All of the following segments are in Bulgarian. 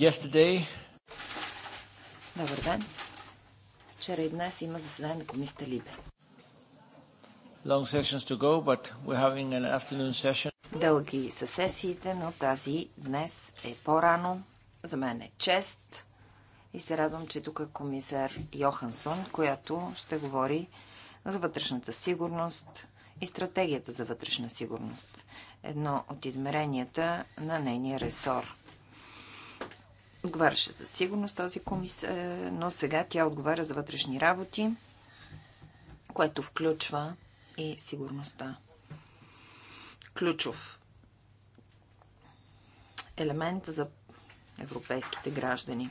Yesterday. Добър ден. Вчера и днес има заседание на комисията Либе. Long sessions to go, but we're having an afternoon session. Дълги са сесиите, но тази днес е по-рано. За мен е чест и се радвам, че тук е комисар Йохансон, която ще говори за вътрешната сигурност и стратегията за вътрешна сигурност. Едно от измеренията на нейния ресор – Отговаряше за сигурност този комисар, е, но сега тя отговаря за вътрешни работи, което включва и сигурността. Ключов елемент за европейските граждани.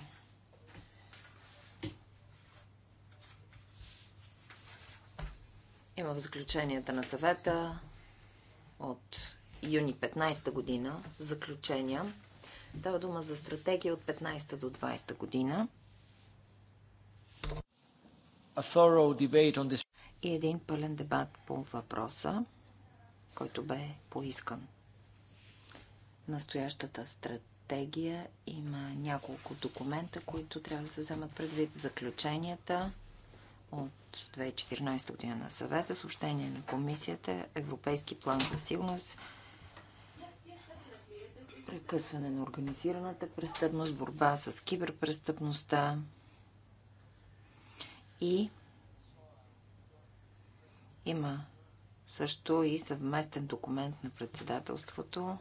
Има в заключенията на съвета от юни 15 година заключения Дава дума за стратегия от 15 до 20 година. И един пълен дебат по въпроса, който бе поискан. Настоящата стратегия има няколко документа, които трябва да се вземат предвид. Заключенията от 2014 година на съвета, съобщение на комисията, Европейски план за сигурност, прекъсване на организираната престъпност, борба с киберпрестъпността и има също и съвместен документ на председателството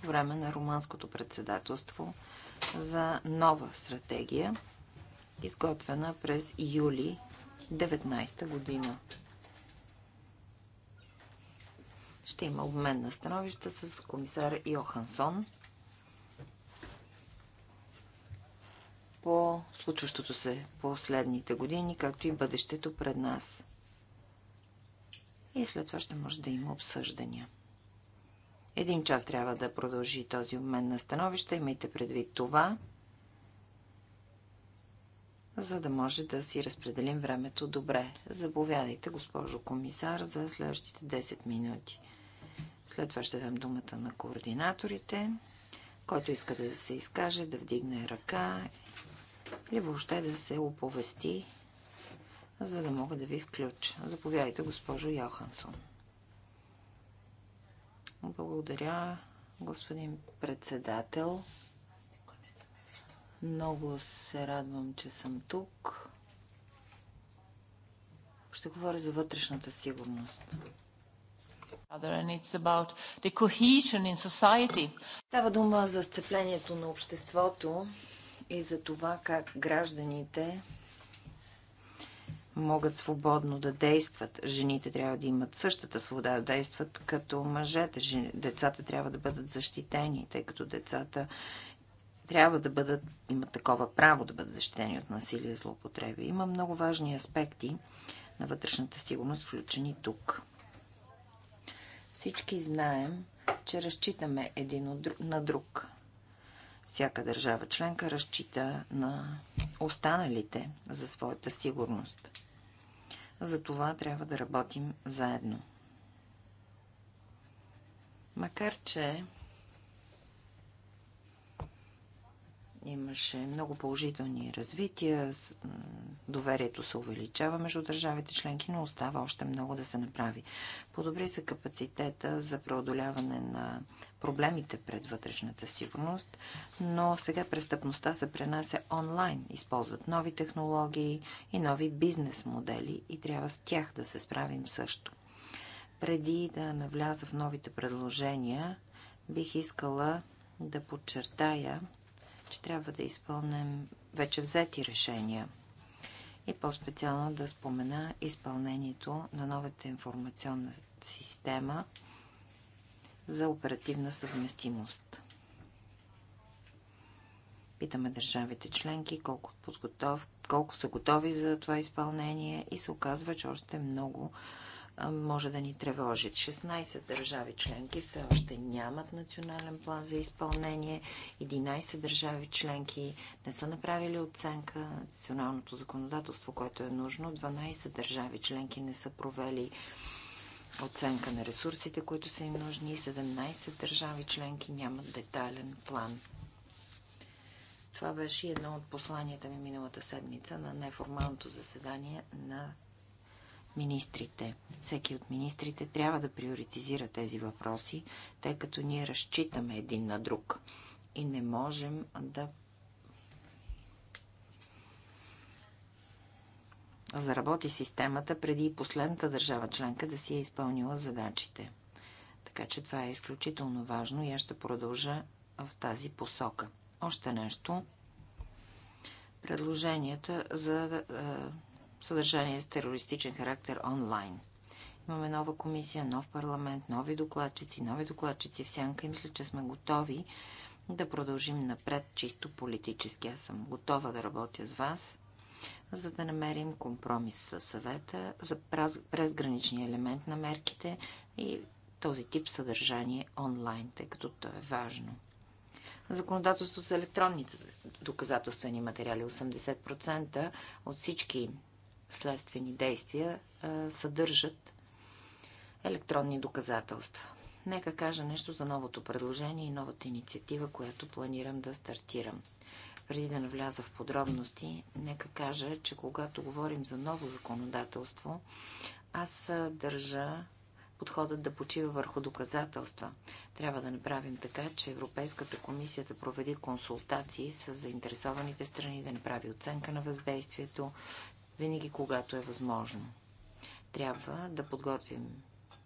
по време на румънското председателство за нова стратегия, изготвена през юли 19 година. Ще има обмен на становища с комисар Йохансон по случващото се последните години, както и бъдещето пред нас. И след това ще може да има обсъждания. Един час трябва да продължи този обмен на становища. Имайте предвид това, за да може да си разпределим времето добре. Заповядайте, госпожо комисар, за следващите 10 минути. След това ще дам думата на координаторите. Който иска да се изкаже, да вдигне ръка или въобще да се оповести, за да мога да ви включа. Заповядайте, госпожо Йохансон. Благодаря, господин председател. Много се радвам, че съм тук. Ще говоря за вътрешната сигурност. Става дума за сцеплението на обществото и за това как гражданите могат свободно да действат. Жените трябва да имат същата свобода да действат като мъжете. Децата трябва да бъдат защитени, тъй като децата трябва да бъдат, имат такова право да бъдат защитени от насилие и злоупотреби. Има много важни аспекти на вътрешната сигурност, включени тук. Всички знаем, че разчитаме един на друг всяка държава членка разчита на останалите за своята сигурност. За това трябва да работим заедно. Макар, че Имаше много положителни развития, доверието се увеличава между държавите членки, но остава още много да се направи. Подобри се капацитета за преодоляване на проблемите пред вътрешната сигурност, но сега престъпността се пренася онлайн. Използват нови технологии и нови бизнес модели и трябва с тях да се справим също. Преди да навляза в новите предложения, бих искала да подчертая, че трябва да изпълнем вече взети решения и по-специално да спомена изпълнението на новата информационна система за оперативна съвместимост. Питаме държавите членки колко, подготов, колко са готови за това изпълнение и се оказва, че още много може да ни тревожи. 16 държави членки все още нямат национален план за изпълнение. 11 държави членки не са направили оценка на националното законодателство, което е нужно. 12 държави членки не са провели оценка на ресурсите, които са им нужни 17 държави членки нямат детайлен план. Това беше едно от посланията ми миналата седмица на неформалното заседание на министрите. Всеки от министрите трябва да приоритизира тези въпроси, тъй като ние разчитаме един на друг и не можем да заработи системата преди последната държава членка да си е изпълнила задачите. Така че това е изключително важно и аз ще продължа в тази посока. Още нещо. Предложенията за е, съдържание с терористичен характер онлайн. Имаме нова комисия, нов парламент, нови докладчици, нови докладчици в сянка и мисля, че сме готови да продължим напред чисто политически. Аз съм готова да работя с вас, за да намерим компромис със съвета за презграничния елемент на мерките и този тип съдържание онлайн, тъй като то е важно. Законодателство с електронните доказателствени материали. 80% от всички следствени действия а, съдържат електронни доказателства. Нека кажа нещо за новото предложение и новата инициатива, която планирам да стартирам. Преди да навляза в подробности, нека кажа, че когато говорим за ново законодателство, аз държа подходът да почива върху доказателства. Трябва да направим така, че Европейската комисия да проведи консултации с заинтересованите страни, да направи оценка на въздействието, винаги когато е възможно. Трябва да подготвим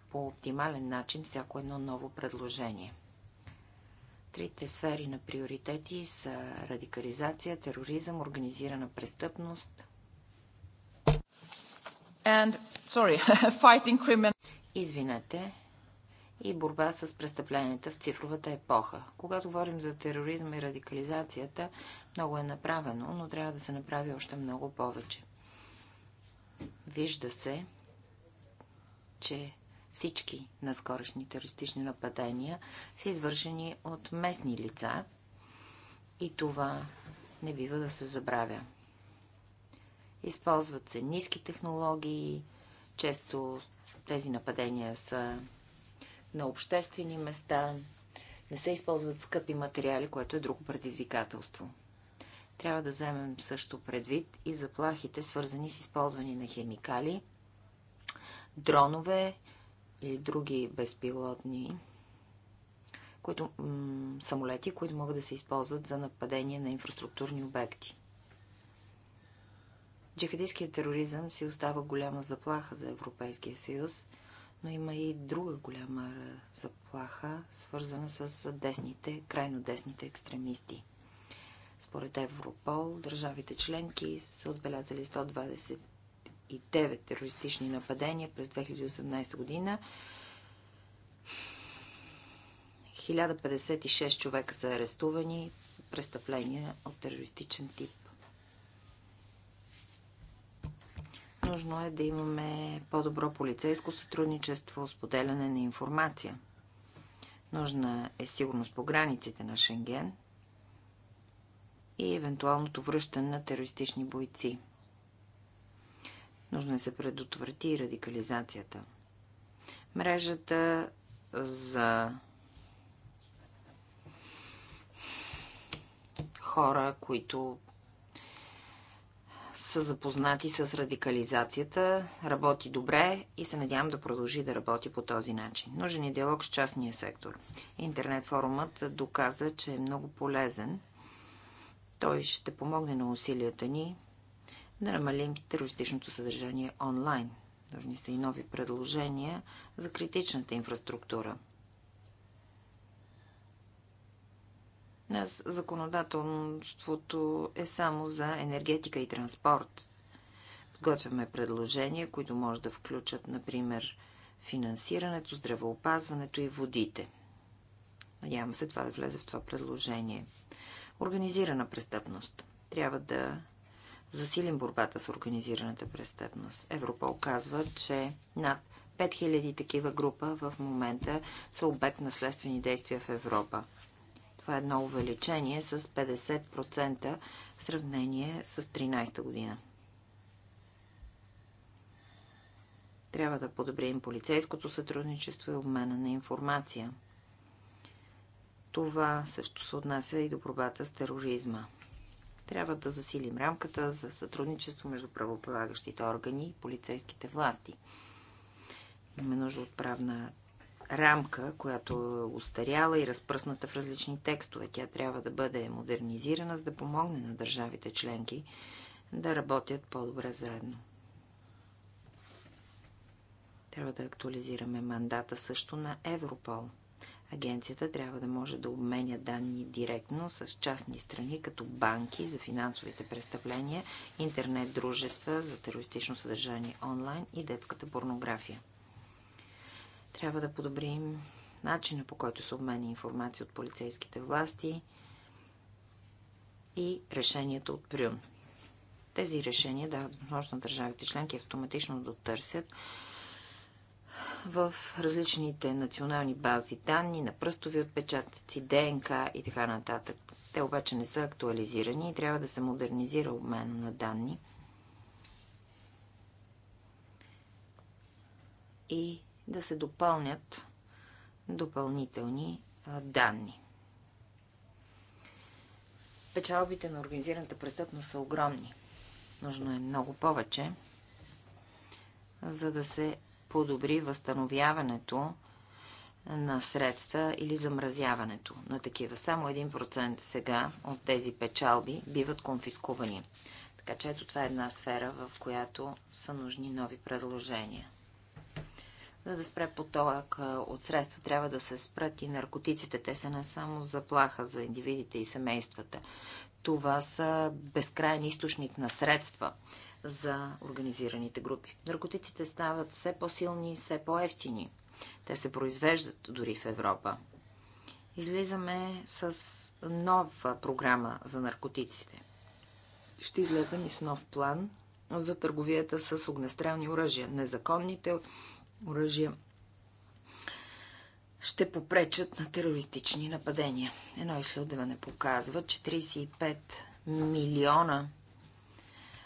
по оптимален начин всяко едно ново предложение. Трите сфери на приоритети са радикализация, тероризъм, организирана престъпност And, sorry, fighting criminal... Извинете, и борба с престъпленията в цифровата епоха. Когато говорим за тероризма и радикализацията, много е направено, но трябва да се направи още много повече. Вижда се, че всички наскорешни терористични нападения са извършени от местни лица и това не бива да се забравя. Използват се ниски технологии, често тези нападения са на обществени места, не се използват скъпи материали, което е друго предизвикателство. Трябва да вземем също предвид и заплахите, свързани с използване на химикали, дронове или други безпилотни които, самолети, които могат да се използват за нападение на инфраструктурни обекти. Джихадистският тероризъм си остава голяма заплаха за Европейския съюз, но има и друга голяма заплаха, свързана с десните, крайно десните екстремисти. Според Европол, държавите членки са отбелязали 129 терористични нападения през 2018 година. 1056 човека са арестувани престъпления от терористичен тип. Нужно е да имаме по-добро полицейско сътрудничество, споделяне на информация. Нужна е сигурност по границите на Шенген – и евентуалното връщане на терористични бойци. Нужно е се предотврати и радикализацията. Мрежата за хора, които са запознати с радикализацията, работи добре и се надявам да продължи да работи по този начин. Нужен е диалог с частния сектор. Интернет форумът доказа, че е много полезен – той ще помогне на усилията ни да намалим терористичното съдържание онлайн. Нужни са и нови предложения за критичната инфраструктура. Днес законодателството е само за енергетика и транспорт. Подготвяме предложения, които може да включат, например, финансирането, здравеопазването и водите. Надявам се това да влезе в това предложение. Организирана престъпност. Трябва да засилим борбата с организираната престъпност. Европол казва, че над 5000 такива група в момента са обект на следствени действия в Европа. Това е едно увеличение с 50% в сравнение с 13-та година. Трябва да подобрим полицейското сътрудничество и обмена на информация – това също се отнася и до борбата с тероризма. Трябва да засилим рамката за сътрудничество между правополагащите органи и полицейските власти. Имаме нужда от правна рамка, която е устаряла и разпръсната в различни текстове. Тя трябва да бъде модернизирана, за да помогне на държавите членки да работят по-добре заедно. Трябва да актуализираме мандата също на Европол – Агенцията трябва да може да обменя данни директно с частни страни, като банки за финансовите престъпления, интернет-дружества за терористично съдържание онлайн и детската порнография. Трябва да подобрим начина по който се обменя информация от полицейските власти и решението от Прюн. Тези решения дават възможност на държавите членки автоматично да търсят в различните национални бази данни на пръстови отпечатъци, ДНК и така нататък. Те обаче не са актуализирани и трябва да се модернизира обмен на данни. И да се допълнят допълнителни данни. Печалбите на организираната престъпност са огромни. Нужно е много повече, за да се подобри възстановяването на средства или замразяването на такива. Само 1% сега от тези печалби биват конфискувани. Така че ето това е една сфера, в която са нужни нови предложения. За да спре поток от средства, трябва да се спрат и наркотиците. Те са не само заплаха за индивидите и семействата. Това са безкрайен източник на средства – за организираните групи. Наркотиците стават все по-силни, все по-ефтини. Те се произвеждат дори в Европа. Излизаме с нова програма за наркотиците. Ще излезем и с нов план за търговията с огнестрелни оръжия. Незаконните оръжия ще попречат на терористични нападения. Едно изследване показва, че 35 милиона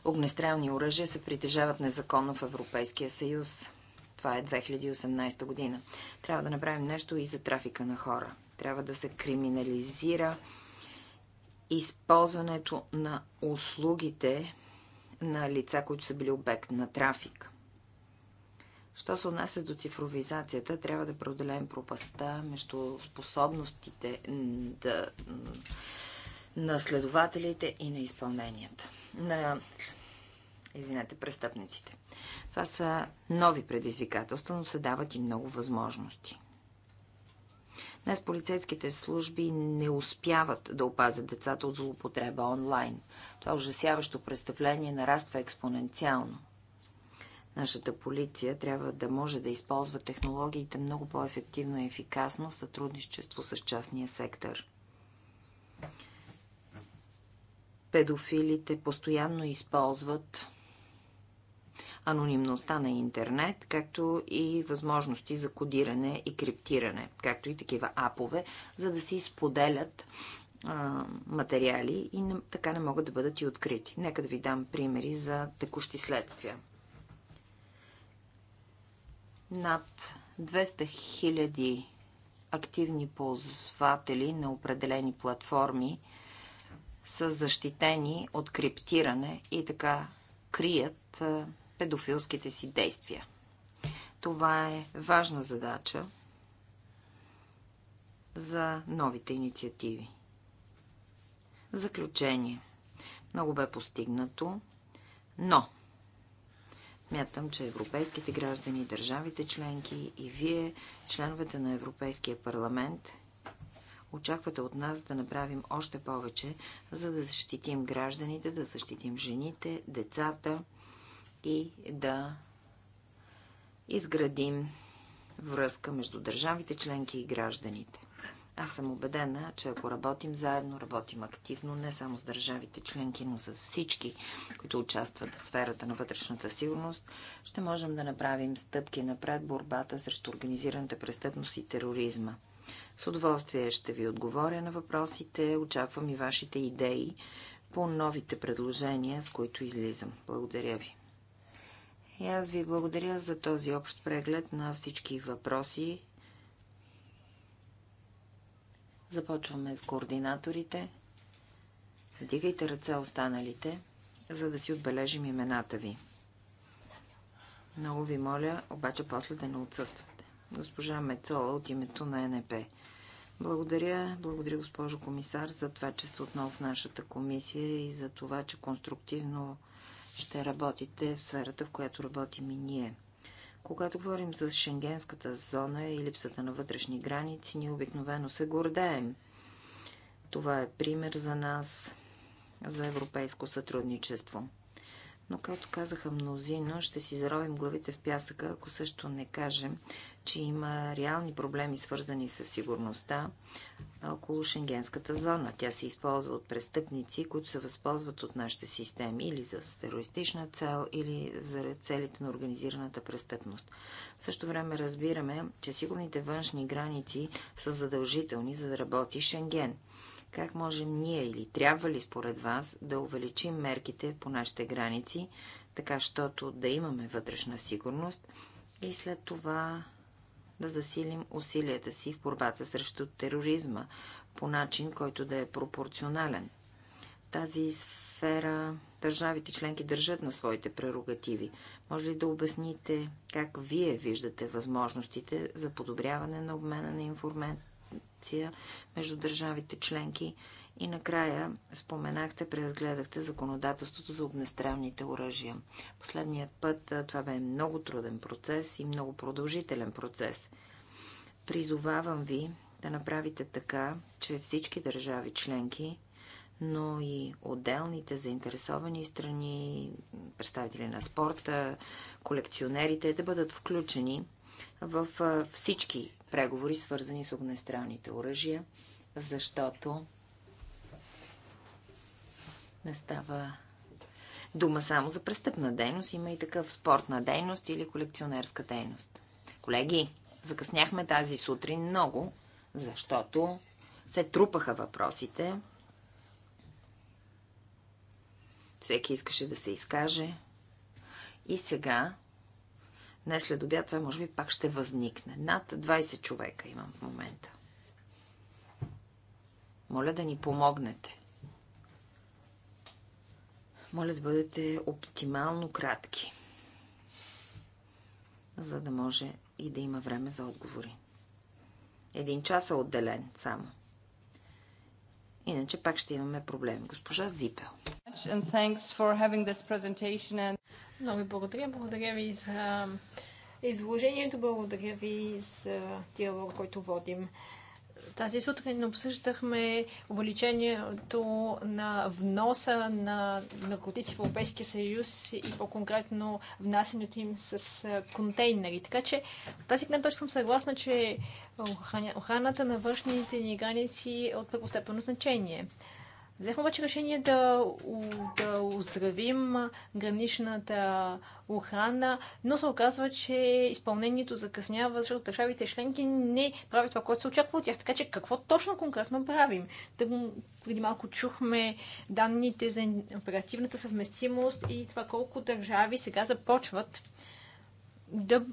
огнестрелни оръжия се притежават незаконно в Европейския съюз. Това е 2018 година. Трябва да направим нещо и за трафика на хора. Трябва да се криминализира използването на услугите на лица, които са били обект на трафик. Що се отнася до цифровизацията, трябва да преодолеем пропаста между способностите да, на следователите и на изпълненията. На извинете, престъпниците. Това са нови предизвикателства, но се дават и много възможности. Днес полицейските служби не успяват да опазят децата от злоупотреба онлайн. Това ужасяващо престъпление нараства експоненциално. Нашата полиция трябва да може да използва технологиите много по-ефективно и ефикасно в сътрудничество с частния сектор. Педофилите постоянно използват анонимността на интернет, както и възможности за кодиране и криптиране, както и такива апове, за да се изподелят материали и не, така не могат да бъдат и открити. Нека да ви дам примери за текущи следствия. Над 200 000 активни ползватели на определени платформи са защитени от криптиране и така крият педофилските си действия. Това е важна задача за новите инициативи. В заключение, много бе постигнато, но Мятам, че европейските граждани, държавите членки и вие, членовете на Европейския парламент, очаквате от нас да направим още повече, за да защитим гражданите, да защитим жените, децата и да изградим връзка между държавите, членки и гражданите. Аз съм убедена, че ако работим заедно, работим активно не само с държавите членки, но с всички, които участват в сферата на вътрешната сигурност, ще можем да направим стъпки напред борбата срещу организираната престъпност и тероризма. С удоволствие ще ви отговоря на въпросите, очаквам и вашите идеи по новите предложения, с които излизам. Благодаря ви. И аз ви благодаря за този общ преглед на всички въпроси. Започваме с координаторите. Дигайте ръце останалите, за да си отбележим имената ви. Много ви моля, обаче после да не отсъствате. Госпожа Мецола от името на НП. Благодаря, благодаря госпожо комисар за това, че сте отново в нашата комисия и за това, че конструктивно ще работите в сферата, в която работим и ние. Когато говорим за шенгенската зона и липсата на вътрешни граници, ние обикновено се гордеем. Това е пример за нас, за европейско сътрудничество но както казаха мнозино, ще си заровим главите в пясъка, ако също не кажем, че има реални проблеми, свързани с сигурността около шенгенската зона. Тя се използва от престъпници, които се възползват от нашите системи или за терористична цел, или за целите на организираната престъпност. В същото време разбираме, че сигурните външни граници са задължителни, за да работи Шенген. Как можем ние или трябва ли според вас да увеличим мерките по нашите граници, така щото да имаме вътрешна сигурност и след това да засилим усилията си в борбата срещу тероризма по начин, който да е пропорционален. Тази сфера държавите членки държат на своите прерогативи. Може ли да обясните как вие виждате възможностите за подобряване на обмена на информация? координация между държавите членки и накрая споменахте, преразгледахте законодателството за огнестрелните оръжия. Последният път това бе много труден процес и много продължителен процес. Призовавам ви да направите така, че всички държави членки, но и отделните заинтересовани страни, представители на спорта, колекционерите да бъдат включени в всички преговори, свързани с огнестрелните оръжия, защото не става дума само за престъпна дейност, има и такъв спортна дейност или колекционерска дейност. Колеги, закъсняхме тази сутрин много, защото се трупаха въпросите. Всеки искаше да се изкаже. И сега Днес след обяд това може би пак ще възникне. Над 20 човека имам в момента. Моля да ни помогнете. Моля да бъдете оптимално кратки, за да може и да има време за отговори. Един час е отделен само. Иначе пак ще имаме проблем. Госпожа Зипел. And... Много ви благодаря. Благодаря ви за изложението. Благодаря ви за диалог, който водим. Тази сутрин обсъждахме увеличението на вноса на наркотици в Европейския съюз и по-конкретно внасянето им с контейнери. Така че от тази гледна точка съм съгласна, че охраната на външните ни граници е от първостепенно значение. Взехме обаче решение да, да оздравим граничната охрана, но се оказва, че изпълнението закъснява, защото държавите членки не правят това, което се очаква от тях. Така че какво точно конкретно правим? Тъм, преди малко чухме данните за оперативната съвместимост и това колко държави сега започват да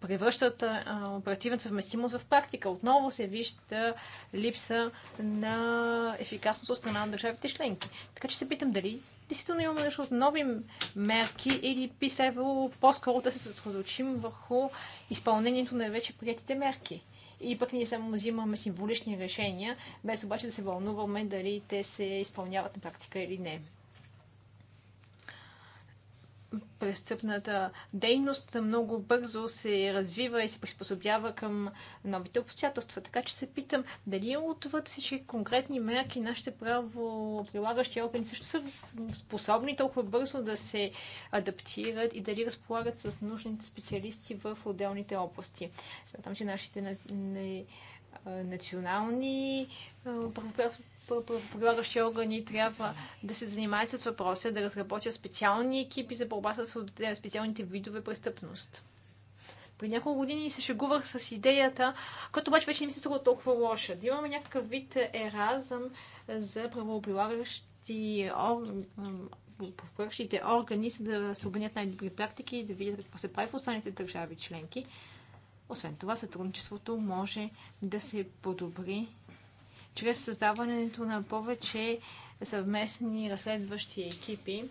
превръщат оперативната съвместимост в практика. Отново се вижда липса на ефикасност от страна на държавите членки. Така че се питам дали действително имаме нужда от нови мерки или би следвало по-скоро да се съсредоточим върху изпълнението на вече приятите мерки. И пък ние само взимаме символични решения, без обаче да се вълнуваме дали те се изпълняват на практика или не престъпната дейност много бързо се развива и се приспособява към новите обстоятелства. Така че се питам, дали е отвъд всички конкретни мерки нашите право прилагащи органи също са способни толкова бързо да се адаптират и дали разполагат с нужните специалисти в отделните области. Смятам, че нашите не, не, национални правоприлагащи органи трябва да се занимават с въпроса, да разработят специални екипи за борба с е, специалните видове престъпност. При няколко години се шегувах с идеята, която обаче вече не ми се струва толкова лоша. Да имаме някакъв вид еразъм за правоприлагащи правоприлагащите органи, за да се обменят най-добри практики и да видят какво се прави в останалите държави членки. Освен това, сътрудничеството може да се подобри чрез създаването на повече съвместни разследващи екипи.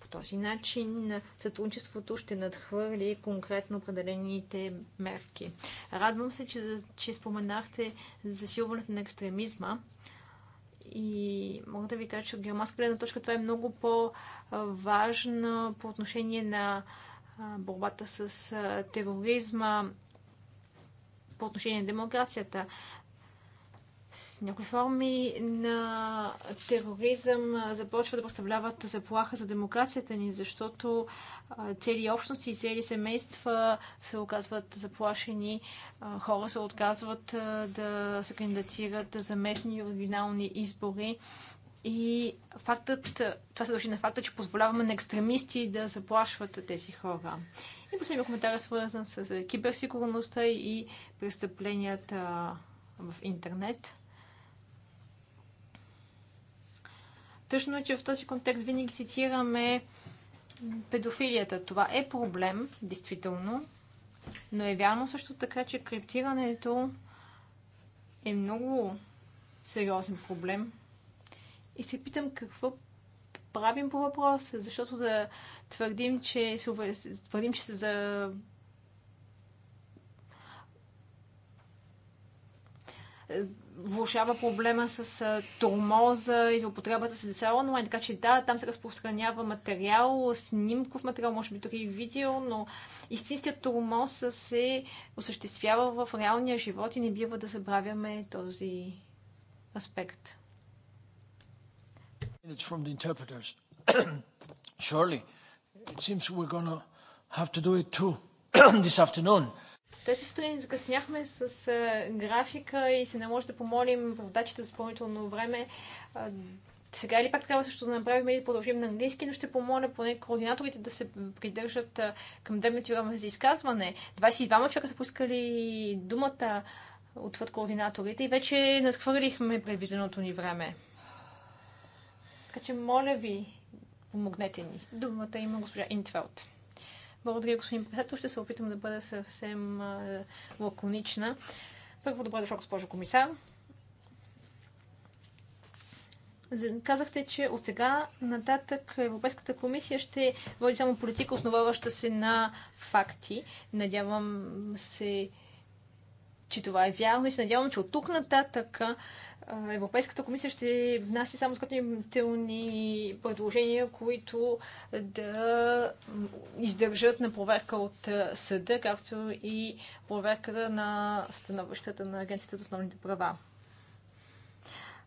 По този начин сътрудничеството ще надхвърли конкретно определените мерки. Радвам се, че, че споменахте засилването на екстремизма. И мога да ви кажа, че от германска гледна точка това е много по-важно по отношение на борбата с тероризма, по отношение на демокрацията с някои форми на тероризъм започва да представляват заплаха за демокрацията ни, защото цели общности и цели семейства се оказват заплашени, хора се отказват да се кандидатират за местни и оригинални избори. И фактът, това се дължи на факта, че позволяваме на екстремисти да заплашват тези хора. И последния коментар е свързан с киберсигурността и престъпленията в интернет. Тъжно е, че в този контекст винаги цитираме педофилията. Това е проблем, действително, но е вярно също така, че криптирането е много сериозен проблем. И се питам какво правим по въпроса, защото да твърдим, че се, твърдим, че се за влушава проблема с тормоза и злоупотребата с деца онлайн. Така че да, там се разпространява материал, снимков материал, може би дори и видео, но истинският тормоз се осъществява в реалния живот и не бива да забравяме този аспект. It's from the interpreters. Surely, it seems we're going to have to do it too this afternoon се сутрин закъсняхме с графика и се не може да помолим водачите за допълнително време. Сега или пак трябва също да направим и да продължим на английски, но ще помоля поне координаторите да се придържат към 2 минути за изказване. 22 човека са пускали думата отвъд координаторите и вече надхвърлихме предвиденото ни време. Така че, моля ви, помогнете ни. Думата има госпожа Интфелд. Благодаря, господин председател. Ще се опитам да бъда съвсем лаконична. Първо, добре дошла, госпожо комисар. Казахте, че от сега нататък Европейската комисия ще води само политика, основаваща се на факти. Надявам се, че това е вярно и се надявам, че от тук нататък Европейската комисия ще внася само скъпнителни предложения, които да издържат на проверка от съда, както и проверка на становищата на Агенцията за основните права.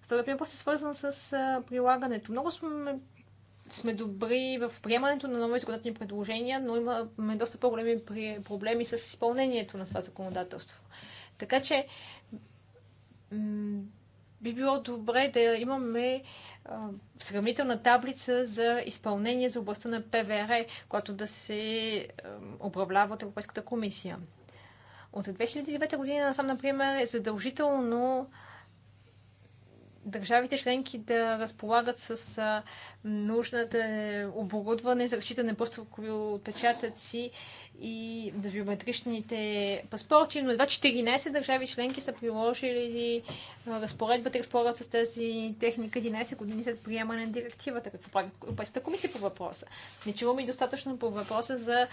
Вторият въпрос е свързан с прилагането. Много сме сме добри в приемането на нови законодателни предложения, но имаме доста по-големи проблеми с изпълнението на това законодателство. Така че би било добре да имаме сравнителна таблица за изпълнение за областта на ПВР, която да се управлява от Европейската комисия. От 2009 година насам, например, е задължително държавите членки да разполагат с нужната е, оборудване за разчитане просто отпечатъци и да биометричните паспорти, но едва 14 държави членки са приложили разпоредбата и разполагат с тази техника 11 години след приемане на директивата. Какво прави Европейската комисия по въпроса? Не чуваме и достатъчно по въпроса за,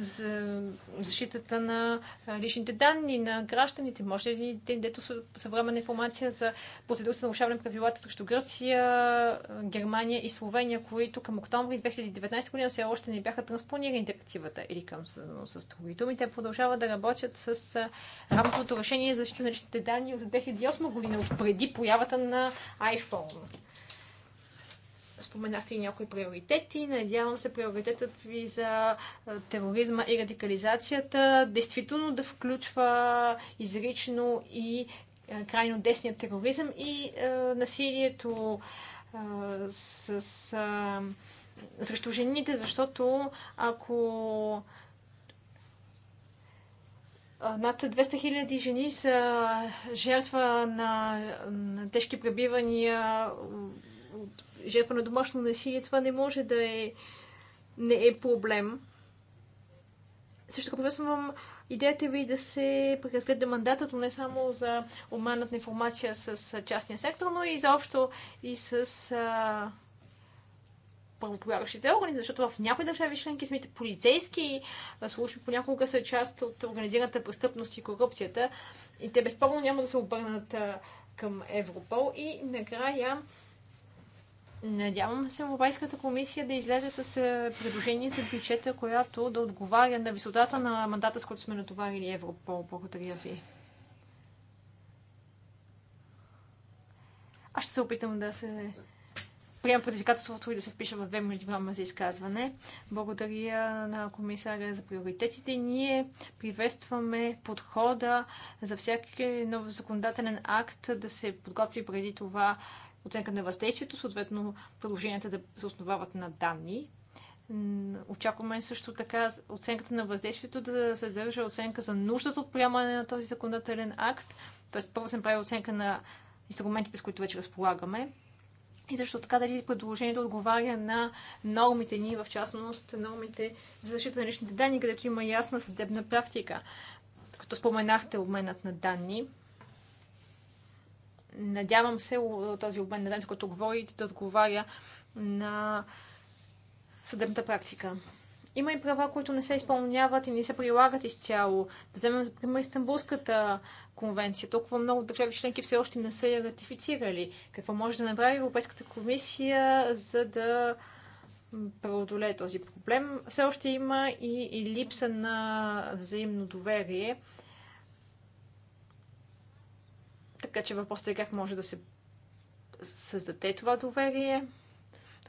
за защитата на личните данни на гражданите. Може ли те дето съвременна информация за процедура за нарушаване на правилата срещу Гърция, Германия и Словения, които към октомври 2019 година все още не бяха транспонирани директивата или към свързано с строителни. Те продължават да работят с рамковото решение за защита на личните данни за 2008 година, от преди появата на iPhone. Споменахте и някои приоритети. Надявам се приоритетът ви за тероризма и радикализацията действително да включва изрично и крайно десният тероризъм и е, насилието е, с. Е, срещу жените, защото ако над 200 хиляди жени са жертва на, на тежки пребивания, жертва на домашно насилие. Това не може да е, не е проблем. Също така приветствам идеята ви да се преразгледа мандатът не само за обманът на информация с частния сектор, но и заобщо и с а, правополагащите органи, защото в някои държави членки самите полицейски служби понякога са част от организираната престъпност и корупцията и те безспорно няма да се обърнат към Европол. И накрая Надявам се Европейската комисия да излезе с предложение за бюджета, която да отговаря на висотата на мандата, с който сме натоварили Европол. Благодаря ви. Аз ще се опитам да се приема предизвикателството и да се впиша в две двама за изказване. Благодаря на комисаря за приоритетите. Ние приветстваме подхода за всеки нов законодателен акт да се подготви преди това оценка на въздействието, съответно предложенията да се основават на данни. Очакваме също така оценката на въздействието да съдържа оценка за нуждата от приемане на този законодателен акт. Тоест първо се прави оценка на инструментите, с които вече разполагаме и също така дали предложението отговаря на нормите ни, в частност нормите за защита на личните данни, където има ясна съдебна практика. Като споменахте обменът на данни, надявам се този обмен на данни, който говорите, да отговаря на съдебната практика. Има и права, които не се изпълняват и не се прилагат изцяло. Да вземем за пример Истанбулската конвенция. Толкова много държави членки все още не са я ратифицирали. Какво може да направи Европейската комисия, за да преодолее този проблем? Все още има и, и липса на взаимно доверие. Така че въпросът е как може да се създаде това доверие.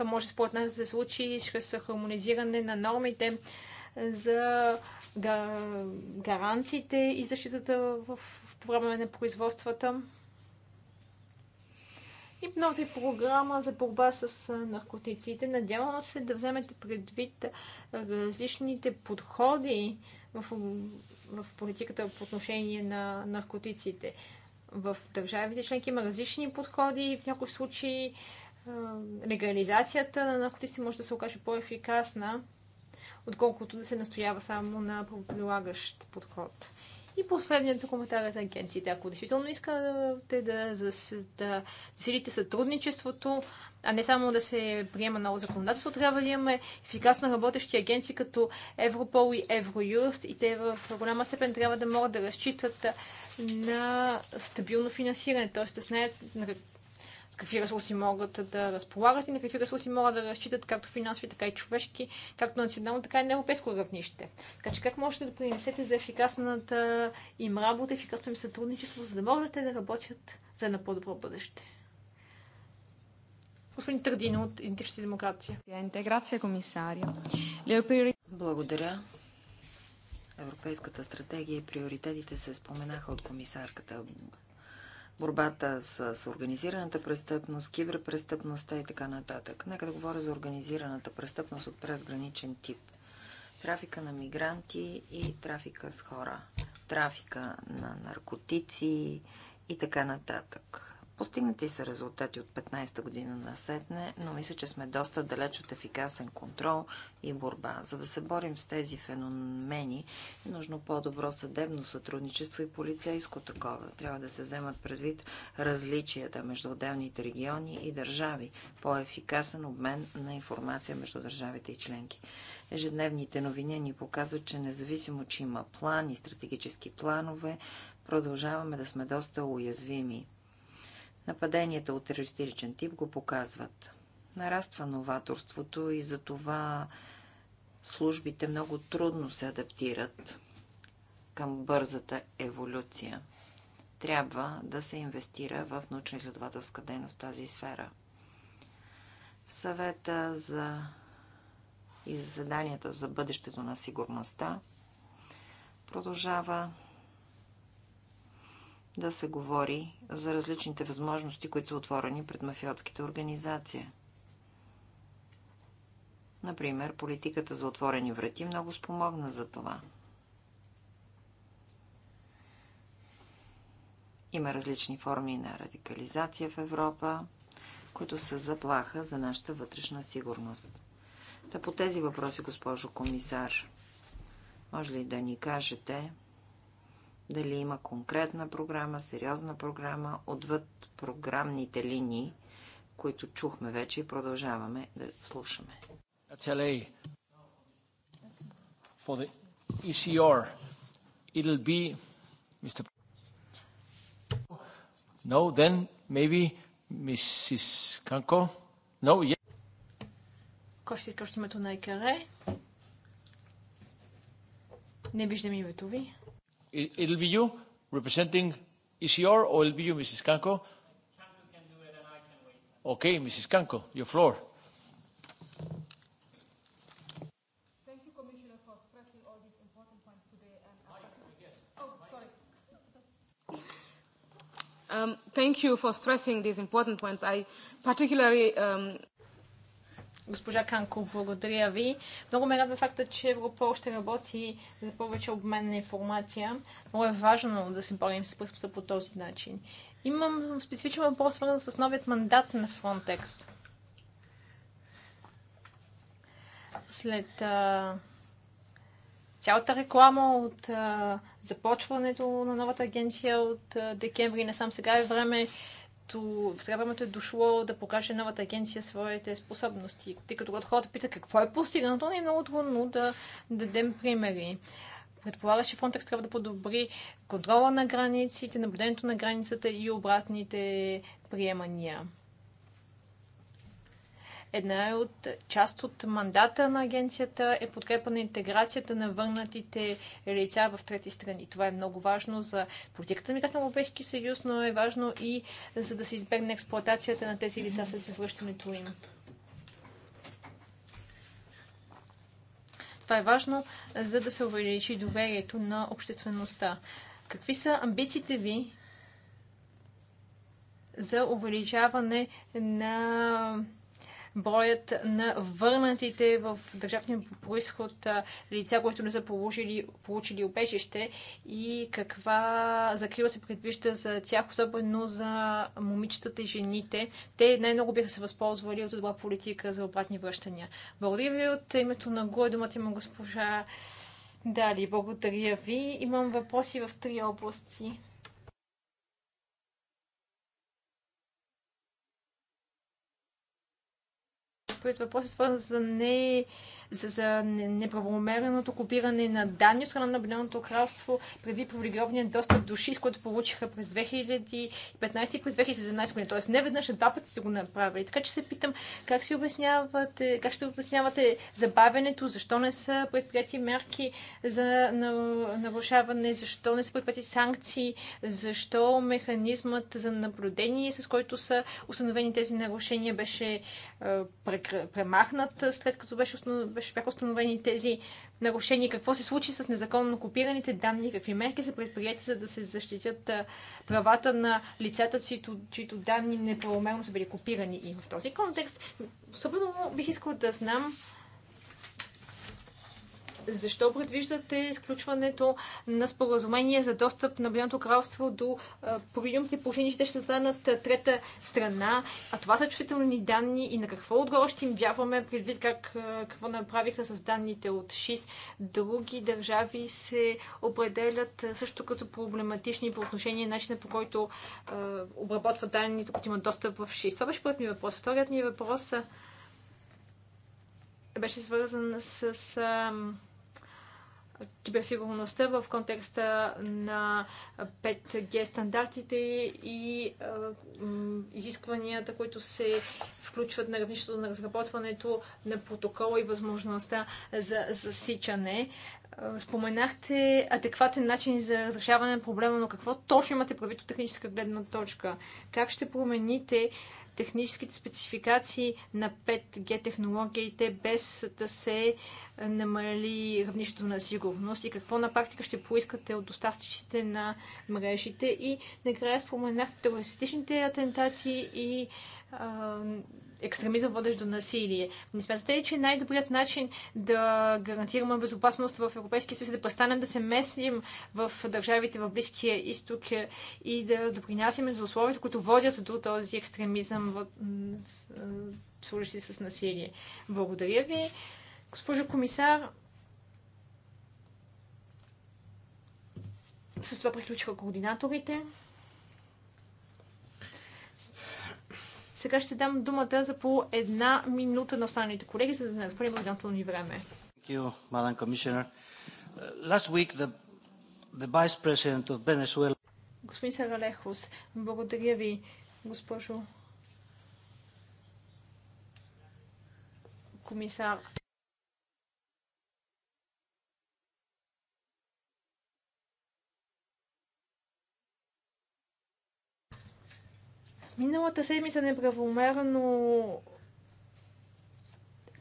Това може според нас да се случи чрез хармонизиране на нормите за гаранциите и защитата в, по време на производствата. И новата програма за борба с наркотиците. Надявам се да вземете предвид различните подходи в, в политиката по отношение на наркотиците. В държавите членки има различни подходи. В някои случаи легализацията на наркотиците може да се окаже по-ефикасна, отколкото да се настоява само на прилагащ подход. И последният коментар е за агенциите. Ако действително искате да, да, да, засилите сътрудничеството, а не само да се приема ново законодателство, трябва да имаме ефикасно работещи агенции като Европол и Евроюст и те в голяма степен трябва да могат да разчитат на стабилно финансиране, т.е. да знаят с какви ресурси могат да разполагат и на какви ресурси могат да разчитат както финансови, така и човешки, както национално, така и на европейско равнище. Така че как можете да принесете за ефикасната им работа, ефикасно им сътрудничество, за да могат да работят за едно по-добро бъдеще? Господин Търдино, от Идентична демокрация. Интеграция, комисария. Благодаря. Европейската стратегия и приоритетите се споменаха от комисарката борбата с организираната престъпност, киберпрестъпността и така нататък. Нека да говоря за организираната престъпност от презграничен тип. Трафика на мигранти и трафика с хора. Трафика на наркотици и така нататък. Постигнати са резултати от 15-та година на сетне, но мисля, че сме доста далеч от ефикасен контрол и борба. За да се борим с тези феномени, е нужно по-добро съдебно сътрудничество и полицейско такова. Трябва да се вземат предвид различията между отделните региони и държави, по-ефикасен обмен на информация между държавите и членки. Ежедневните новини ни показват, че независимо, че има план и стратегически планове, продължаваме да сме доста уязвими Нападенията от терористичен тип го показват. Нараства новаторството и затова службите много трудно се адаптират към бързата еволюция. Трябва да се инвестира в научно-изследователска дейност в тази сфера. В съвета за и заседанията за бъдещето на сигурността продължава да се говори за различните възможности, които са отворени пред мафиотските организации. Например, политиката за отворени врати много спомогна за това. Има различни форми на радикализация в Европа, които са заплаха за нашата вътрешна сигурност. Та по тези въпроси, госпожо комисар, може ли да ни кажете дали има конкретна програма, сериозна програма, отвъд програмните линии, които чухме вече и продължаваме да слушаме. E no, then maybe Mrs. Kanko? No, yeah. Кой ще искаш името на Екаре? Не виждам името ви it'll be you representing ECR or it'll be you, Mrs. Kanko? Kanko can do it and I can wait. Okay, Mrs. Kanko, your floor. Um, thank you for stressing these important points. I particularly um, Госпожа Канко, благодаря ви. Много ме радва факта, че Европол ще работи за повече обмен на информация. Много е важно да се борим с пръстта по този начин. Имам специфичен въпрос, свързан с новият мандат на Frontex. След а, цялата реклама от а, започването на новата агенция от а, декември, насам сега е време като сега времето е дошло да покаже новата агенция своите способности. Тъй като когато хората питат какво е постигнато, не е много трудно да дадем примери. Предполага, че Фронтекс трябва да подобри контрола на границите, наблюдението на границата и обратните приемания. Една е от част от мандата на агенцията е подкрепа на интеграцията на върнатите лица в трети страни. Това е много важно за политиката на Европейския съюз, но е важно и за да се избегне експлоатацията на тези лица след извършването им. Това е важно, за да се увеличи доверието на обществеността. Какви са амбициите ви за увеличаване на броят на върнатите в държавния происход лица, които не са получили, получили обежище и каква закрива се предвижда за тях, особено за момичетата и жените. Те най-много биха се възползвали от добра политика за обратни връщания. Благодаря ви от името на ГОЕ, думата има госпожа Дали. Благодаря ви. Имам въпроси в три области. Първият въпроси, свързани с не за неправомерното копиране на данни от страна на Обединеното кралство преди привилегирования достъп до ШИС, който получиха през 2015 и през 2017 година. Тоест не веднъж, а два пъти са го направили. Така че се питам как си обяснявате, как ще обяснявате забавянето, защо не са предприяти мерки за нарушаване, защо не са предприяти санкции, защо механизмът за наблюдение, с който са установени тези нарушения, беше премахнат след като беше, установ беше бяха установени тези нарушения, какво се случи с незаконно копираните данни, какви мерки са предприяти, за да се защитят правата на лицата, чието, чието данни неправомерно са били копирани. И в този контекст, особено бих искала да знам защо предвиждате изключването на споразумение за достъп на Обединеното кралство до повидимите положения, ще станат трета страна, а това са чувствителни данни и на какво отгоре ще им вярваме предвид как, какво направиха с данните от ШИС. Други държави се определят също като проблематични по отношение на начина по който е, обработват данните, които имат достъп в ШИС. Това беше първият ми въпрос. Вторият ми въпрос беше свързан с... Е, киберсигурността в контекста на 5G стандартите и изискванията, които се включват на равнището на разработването на протокола и възможността за засичане. Споменахте адекватен начин за разрешаване на проблема, но какво точно имате правито техническа гледна точка? Как ще промените техническите спецификации на 5G технологиите, без да се намали равнището на сигурност и какво на практика ще поискате от доставчиците на мрежите. И накрая споменахте терористичните атентати и а, екстремизъм, водещ до насилие. Не смятате ли, че най-добрият начин да гарантираме безопасност в Европейския съюз е да престанем да се местим в държавите в Близкия изток и да допринасяме за условията, които водят до този екстремизъм, служащи с насилие? Благодаря ви. Госпожо комисар, с това приключиха координаторите. Сега ще дам думата за по една минута на останалите колеги, за да не отхвърлим отделното ни време. Uh, Господин Саралехос, благодаря ви, госпожо комисар. Миналата седмица неправомерно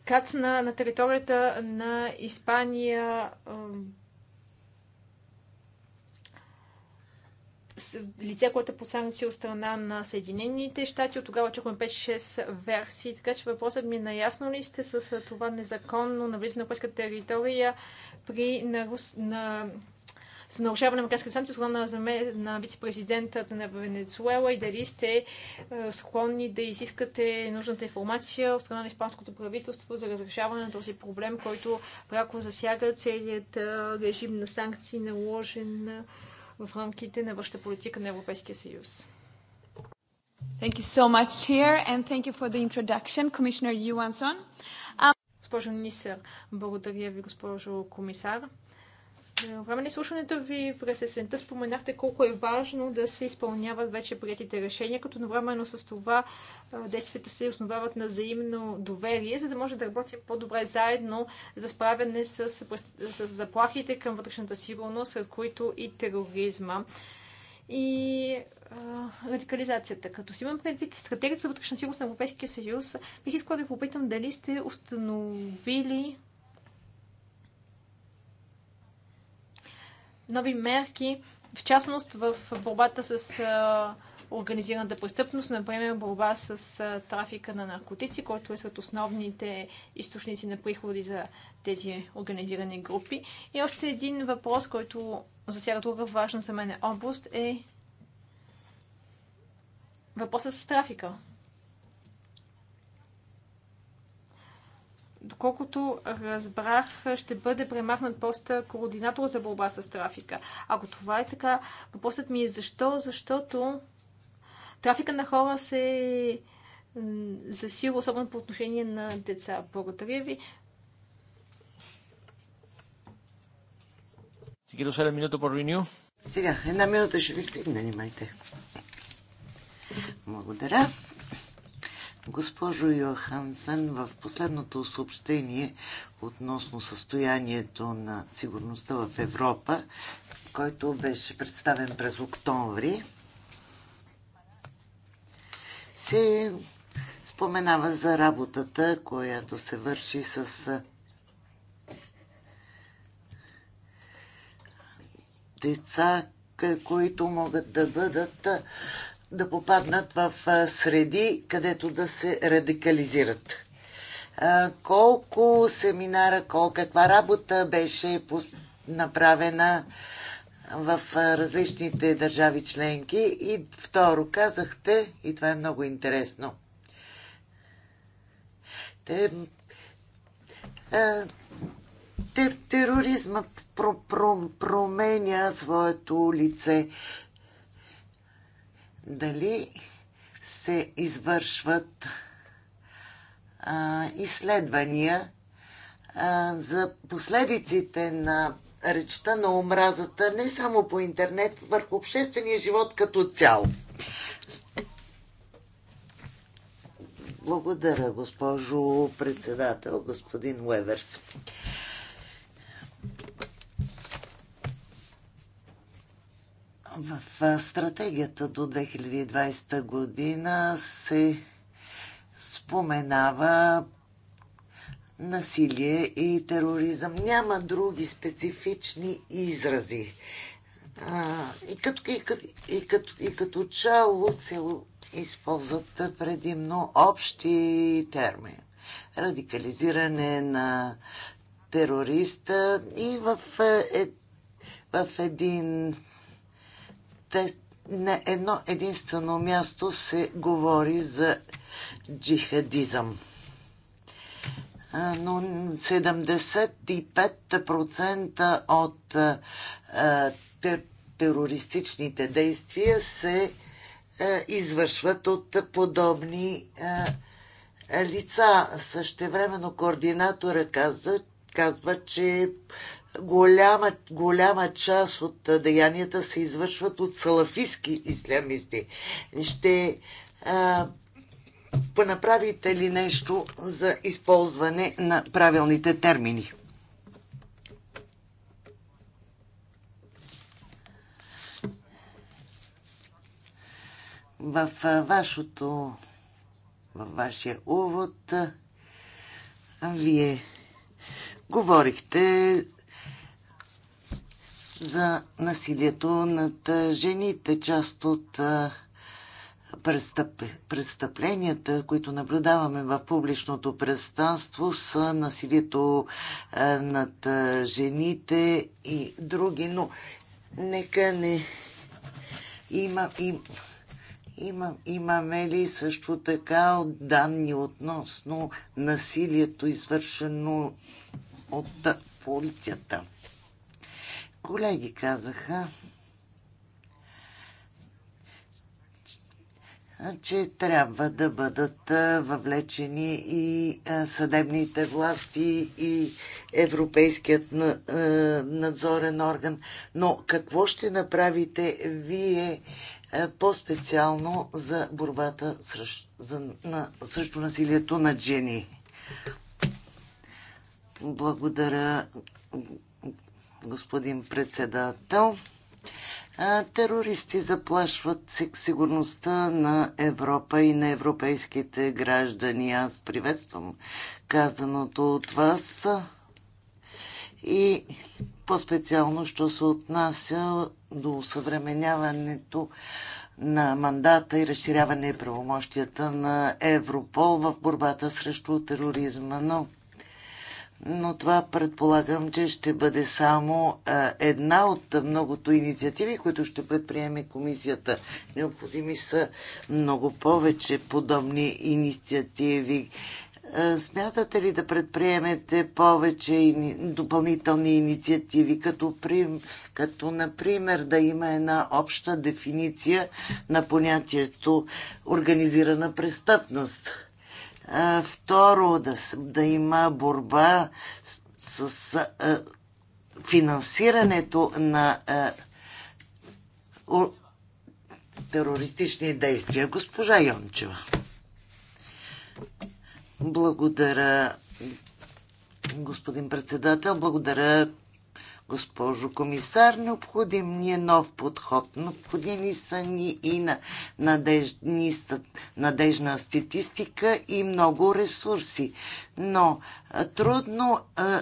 кацна на територията на Испания лице, което е по санкции от страна на Съединените щати. От тогава чухме 5-6 версии, така че въпросът ми е наясно ли сте с това незаконно навлизане на европейска територия при на, рус... на за нарушаване на американските санкции, склонна на, на вице-президентът на Венецуела и дали сте е, склонни да изискате нужната информация от страна на испанското правителство за разрешаване на този проблем, който пряко засяга целият е, режим на санкции, наложен е, в рамките на вашата политика на Европейския съюз. Thank you so much, Chair, and thank you for the introduction, Commissioner Johansson. Um... Госпожо Нисър, благодаря ви, госпожо комисар време на изслушването ви през есента споменахте колко е важно да се изпълняват вече приятите решения, като навременно с това действията се основават на взаимно доверие, за да може да работим по-добре заедно за справяне с, с заплахите към вътрешната сигурност, сред които и тероризма и а, радикализацията. Като си имам предвид стратегията за вътрешна сигурност на Европейския съюз, бих искала да попитам дали сте установили нови мерки, в частност в борбата с организираната престъпност, например борба с трафика на наркотици, който е сред основните източници на приходи за тези организирани групи. И още един въпрос, който засяга друга важна за мен област е въпросът с трафика. Доколкото разбрах, ще бъде премахнат поста координатор за борба с трафика. Ако това е така, въпросът ми е защо? Защото трафика на хора се засилва, особено по отношение на деца. Благодаря ви. Сега, една минута ще ви стигне, нимайте. Благодаря. Госпожо Йохансен, в последното съобщение относно състоянието на сигурността в Европа, който беше представен през октомври, се споменава за работата, която се върши с деца, които могат да бъдат да попаднат в среди, където да се радикализират. Колко семинара, колко, каква работа беше направена в различните държави членки? И второ, казахте, и това е много интересно, те, те, тероризма про, про, променя своето лице дали се извършват а, изследвания а, за последиците на речта на омразата не само по интернет, върху обществения живот като цяло. Благодаря, госпожо председател, господин Уеверс. В стратегията до 2020 година се споменава насилие и тероризъм. Няма други специфични изрази. и, като, и, като, и, като, и като чало се използват предимно общи термини. Радикализиране на терориста и в, е, в един те на едно единствено място се говори за джихадизъм. Но 75% от терористичните действия се извършват от подобни лица. Същевременно координатора казва, че голяма, голяма част от деянията се извършват от салафистски ислямисти. Ще а, понаправите ли нещо за използване на правилните термини? В вашото във вашия увод, вие говорихте за насилието над жените, част от престъп, престъпленията, които наблюдаваме в публичното пространство, са насилието над жените и други, но нека не има, им, има, имаме ли също така от данни относно насилието, извършено от полицията? Колеги казаха, че трябва да бъдат въвлечени и съдебните власти и Европейският надзорен орган. Но какво ще направите вие по-специално за борбата срещу, на, насилието на жени? Благодаря, господин председател. Терористи заплашват сигурността на Европа и на европейските граждани. Аз приветствам казаното от вас и по-специално, що се отнася до съвременяването на мандата и разширяване правомощията на Европол в борбата срещу тероризма. Но но това предполагам, че ще бъде само една от многото инициативи, които ще предприеме комисията. Необходими са много повече подобни инициативи. Смятате ли да предприемете повече допълнителни инициативи, като, прим, като например да има една обща дефиниция на понятието организирана престъпност? Второ, да, да има борба с, с финансирането на терористични действия. Госпожа Йончева. Благодаря, господин председател. Благодаря госпожо комисар. Необходим ни е нов подход. Необходими са ни и на надежни, надежна статистика и много ресурси. Но трудно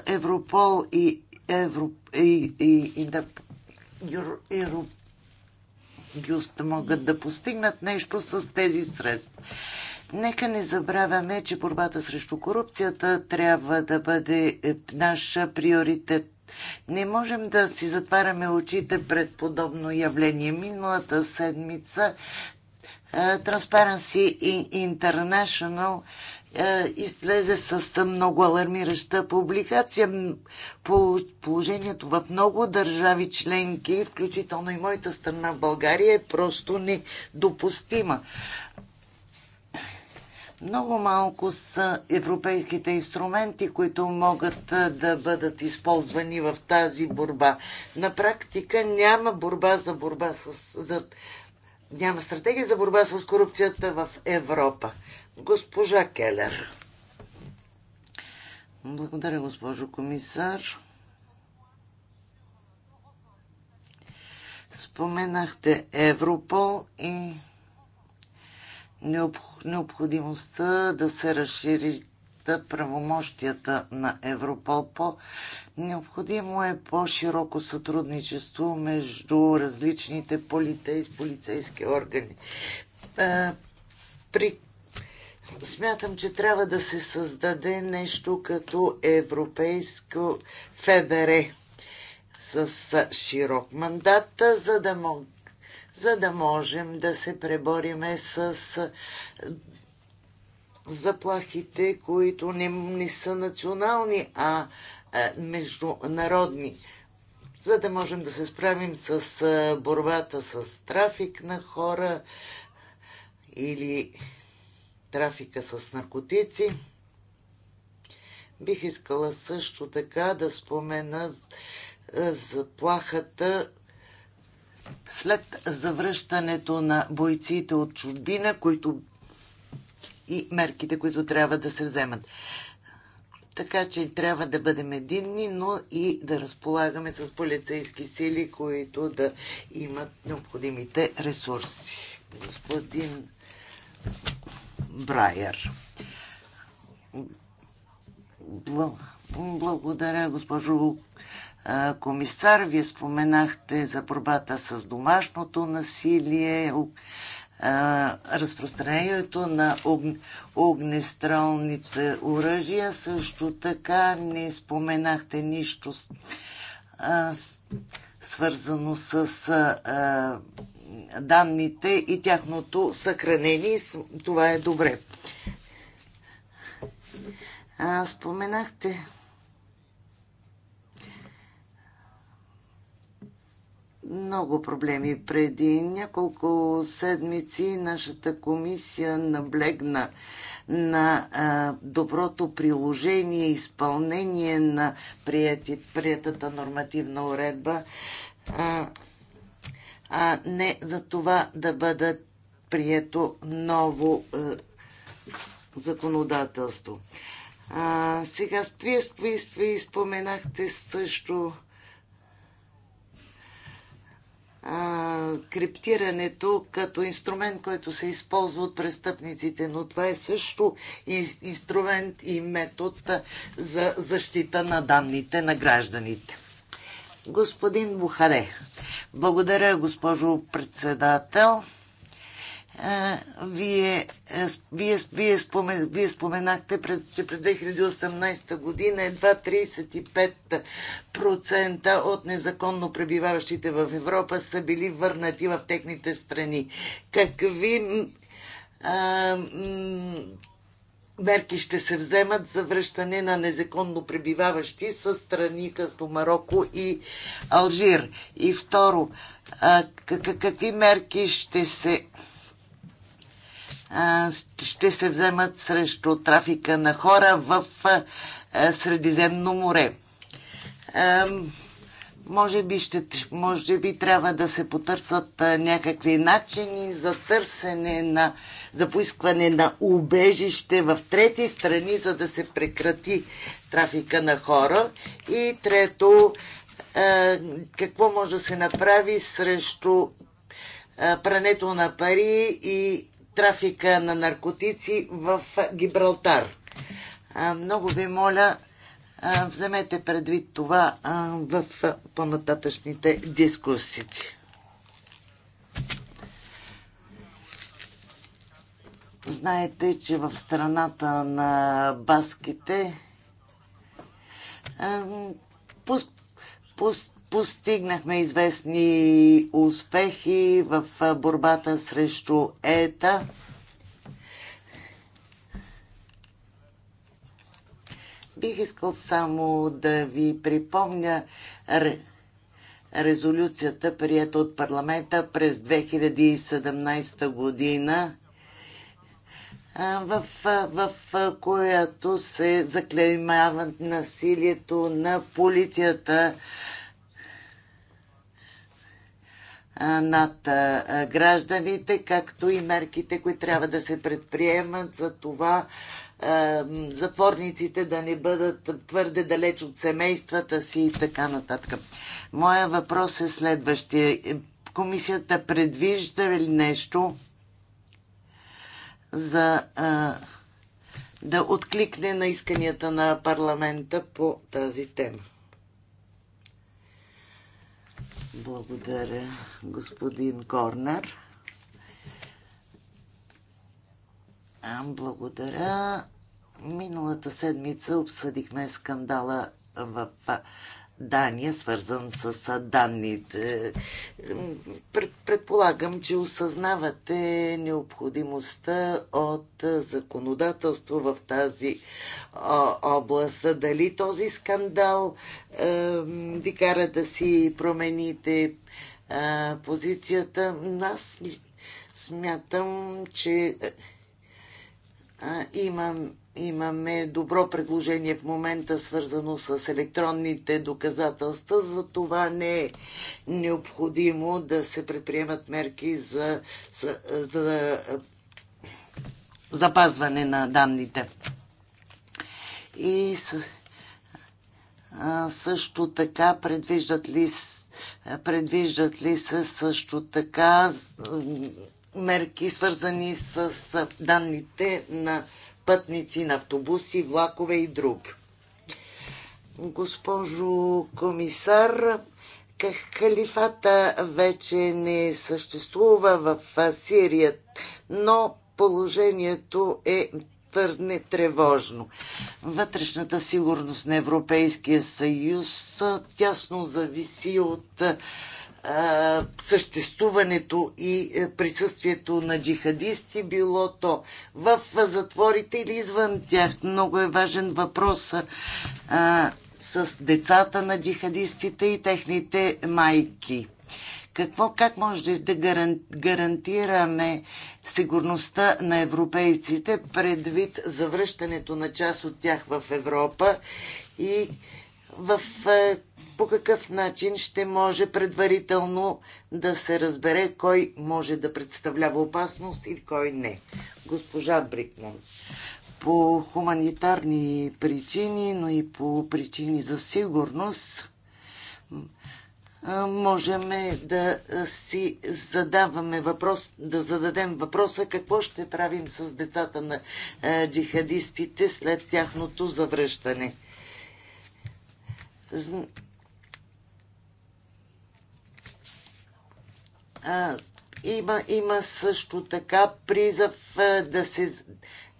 Европол и, Евро, и, и, и да, Юста могат да постигнат нещо с тези средства. Нека не забравяме, че борбата срещу корупцията трябва да бъде е, наша приоритет не можем да си затваряме очите пред подобно явление. Миналата седмица е, Transparency International е, излезе с много алармираща публикация. Положението в много държави членки, включително и моята страна България, е просто недопустима. Много малко са европейските инструменти, които могат да бъдат използвани в тази борба. На практика няма борба за борба с. За, няма стратегия за борба с корупцията в Европа. Госпожа Келер. Благодаря, госпожо комисар. Споменахте Европол и необходимостта да се разшири правомощията на Европол по необходимо е по-широко сътрудничество между различните полицейски органи. Е, при... Смятам, че трябва да се създаде нещо като европейско ФБР с широк мандат, за да могат за да можем да се пребориме с заплахите, които не, не са национални, а, международни, за да можем да се справим с борбата с трафик на хора или трафика с наркотици. Бих искала също така да спомена заплахата след завръщането на бойците от чужбина, които и мерките, които трябва да се вземат. Така че трябва да бъдем единни, но и да разполагаме с полицейски сили, които да имат необходимите ресурси. Господин Брайер. Благодаря, госпожо комисар. Вие споменахте за борбата с домашното насилие, разпространението на огнестрелните оръжия. Също така не споменахте нищо свързано с данните и тяхното съхранение. Това е добре. споменахте много проблеми. Преди няколко седмици нашата комисия наблегна на а, доброто приложение и изпълнение на прияти, приятата нормативна уредба, а, а не за това да бъде прието ново а, законодателство. А, сега, вие споменахте също криптирането като инструмент, който се използва от престъпниците, но това е също инструмент и метод за защита на данните на гражданите. Господин Бухаре, благодаря, госпожо председател вие, вие, вие, спомен, вие споменахте, през, че през 2018 година едва 35% от незаконно пребиваващите в Европа са били върнати в техните страни. Какви а, мерки ще се вземат за връщане на незаконно пребиваващи с страни като Марокко и Алжир? И второ, а, какви мерки ще се ще се вземат срещу трафика на хора в Средиземно море. Може би, ще, може би трябва да се потърсят някакви начини за търсене на, за поискване на убежище в трети страни, за да се прекрати трафика на хора. И трето, какво може да се направи срещу прането на пари и трафика на наркотици в Гибралтар. Много ви моля, вземете предвид това в по-нататъчните дискусии. Знаете, че в страната на баските пус, пус, Постигнахме известни успехи в борбата срещу ЕТА. Бих искал само да ви припомня резолюцията, прията от парламента през 2017 година, в, в, в която се заклеймават насилието на полицията над гражданите, както и мерките, които трябва да се предприемат за това затворниците да не бъдат твърде далеч от семействата си и така нататък. Моя въпрос е следващия. Комисията предвижда ли нещо за да откликне на исканията на парламента по тази тема? Благодаря, господин Корнер. Благодаря. Миналата седмица обсъдихме скандала в Дания, свързан с данните. Предполагам, че осъзнавате необходимостта от законодателство в тази област. Дали този скандал ви кара да си промените позицията? Аз смятам, че имам, имаме добро предложение в момента, свързано с електронните доказателства. За това не е необходимо да се предприемат мерки за, за, за запазване на данните. И с, а, също така предвиждат ли, предвиждат ли се също така мерки, свързани с данните на пътници на автобуси, влакове и други. Госпожо комисар, халифата вече не съществува в Сирия, но положението е твърде тревожно. Вътрешната сигурност на Европейския съюз тясно зависи от съществуването и е, присъствието на джихадисти, било то в затворите или извън тях. Много е важен въпрос а, с децата на джихадистите и техните майки. Какво, как може да гарантираме сигурността на европейците предвид завръщането на част от тях в Европа и в е, по какъв начин ще може предварително да се разбере кой може да представлява опасност и кой не. Госпожа Брикман, по хуманитарни причини, но и по причини за сигурност, можем да си задаваме въпрос, да зададем въпроса какво ще правим с децата на е, джихадистите след тяхното завръщане а, има, има също така призъв да се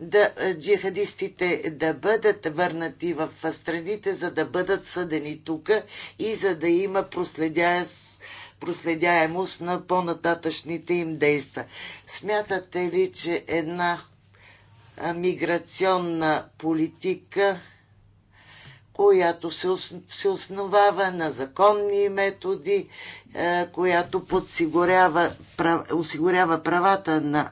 да джихадистите да бъдат върнати в страните, за да бъдат съдени тук и за да има проследяемост на по-нататъчните им действа. Смятате ли, че една миграционна политика която се, се основава на законни методи, е, която подсигурява, прав, осигурява правата на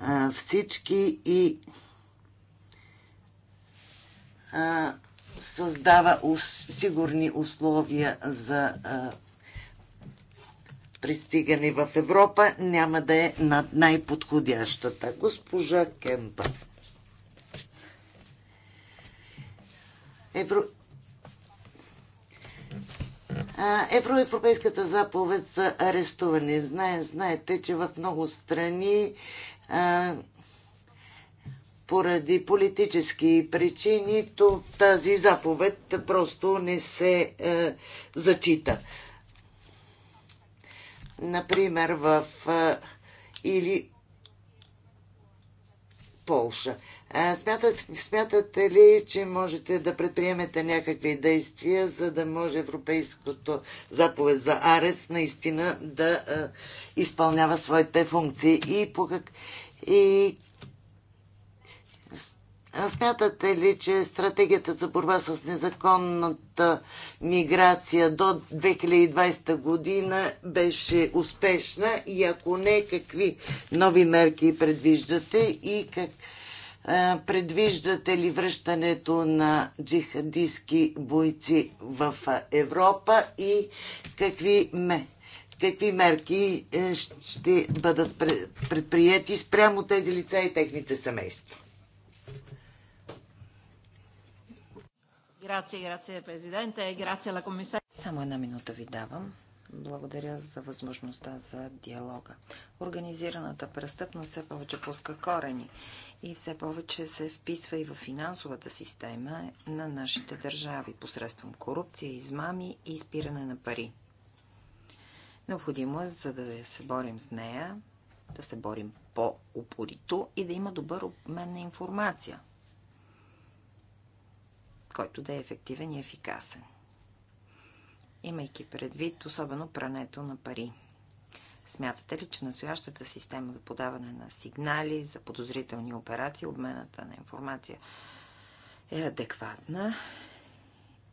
е, всички и е, създава сигурни условия за пристигане в Европа, няма да е над най-подходящата. Госпожа Кемпа. Евро... Евроевропейската заповед за арестуване. Знае, знаете, че в много страни а, поради политически причини то, тази заповед просто не се а, е, зачита. Например, в а, е, или Полша. Смятат, смятате ли, че можете да предприемете някакви действия, за да може Европейското заповед за арест наистина да а, изпълнява своите функции? И, по как... и смятате ли, че стратегията за борба с незаконната миграция до 2020 година беше успешна? И ако не, какви нови мерки предвиждате и как е, предвиждате ли връщането на джихадистски бойци в е, Европа и какви, ме, какви мерки е, ще бъдат предприяти спрямо тези лица и техните семейства? грация, грация Само една минута ви давам. Благодаря за възможността за диалога. Организираната престъпност все повече пуска корени и все повече се вписва и в финансовата система на нашите държави посредством корупция, измами и изпиране на пари. Необходимо е, за да се борим с нея, да се борим по-упорито и да има добър обмен на информация, който да е ефективен и ефикасен. Имайки предвид особено прането на пари. Смятате ли, че настоящата система за подаване на сигнали за подозрителни операции, обмената на информация е адекватна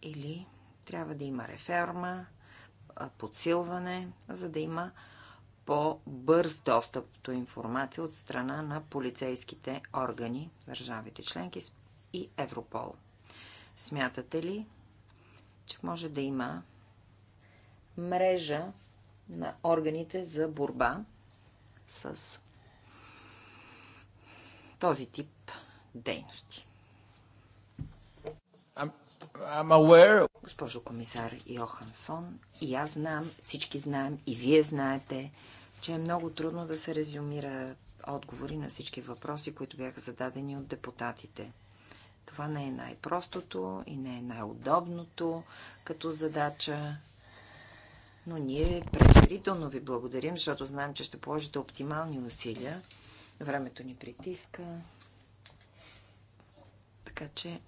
или трябва да има реформа, подсилване, за да има по-бърз достъп до информация от страна на полицейските органи, държавите членки и Европол. Смятате ли, че може да има мрежа на органите за борба с този тип дейности. I'm, I'm Госпожо комисар Йохансон, и аз знам, всички знаем, и вие знаете, че е много трудно да се резюмира отговори на всички въпроси, които бяха зададени от депутатите. Това не е най-простото и не е най-удобното като задача, но ние предварително ви благодарим, защото знаем, че ще положите оптимални усилия. Времето ни притиска. Така че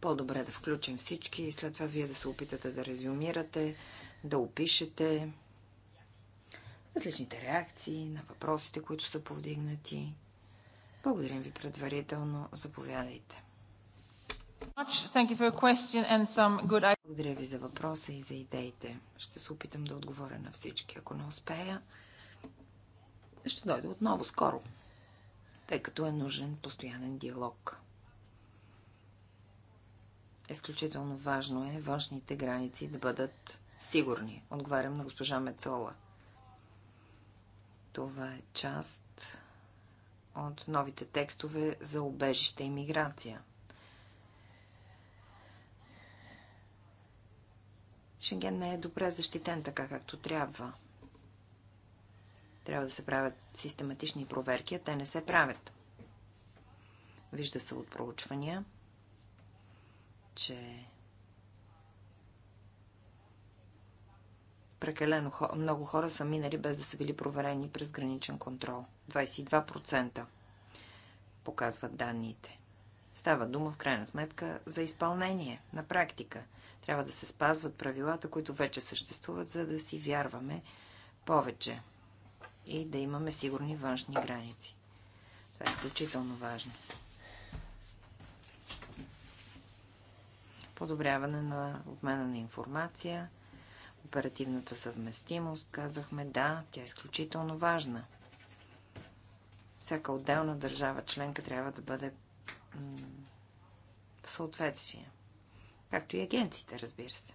по-добре да включим всички и след това вие да се опитате да резюмирате, да опишете различните реакции на въпросите, които са повдигнати. Благодарим ви предварително. Заповядайте. Благодаря ви за въпроса и за идеите. Ще се опитам да отговоря на всички. Ако не успея, ще дойда отново скоро, тъй като е нужен постоянен диалог. Изключително важно е външните граници да бъдат сигурни. Отговарям на госпожа Мецола. Това е част от новите текстове за обежище и миграция – Шенген не е добре защитен така, както трябва. Трябва да се правят систематични проверки, а те не се правят. Вижда се от проучвания, че прекалено много хора са минали без да са били проверени през граничен контрол. 22% показват данните. Става дума в крайна сметка за изпълнение на практика. Трябва да се спазват правилата, които вече съществуват, за да си вярваме повече и да имаме сигурни външни граници. Това е изключително важно. Подобряване на обмена на информация, оперативната съвместимост, казахме, да, тя е изключително важна. Всяка отделна държава членка трябва да бъде в съответствие. Както и агенциите, разбира се.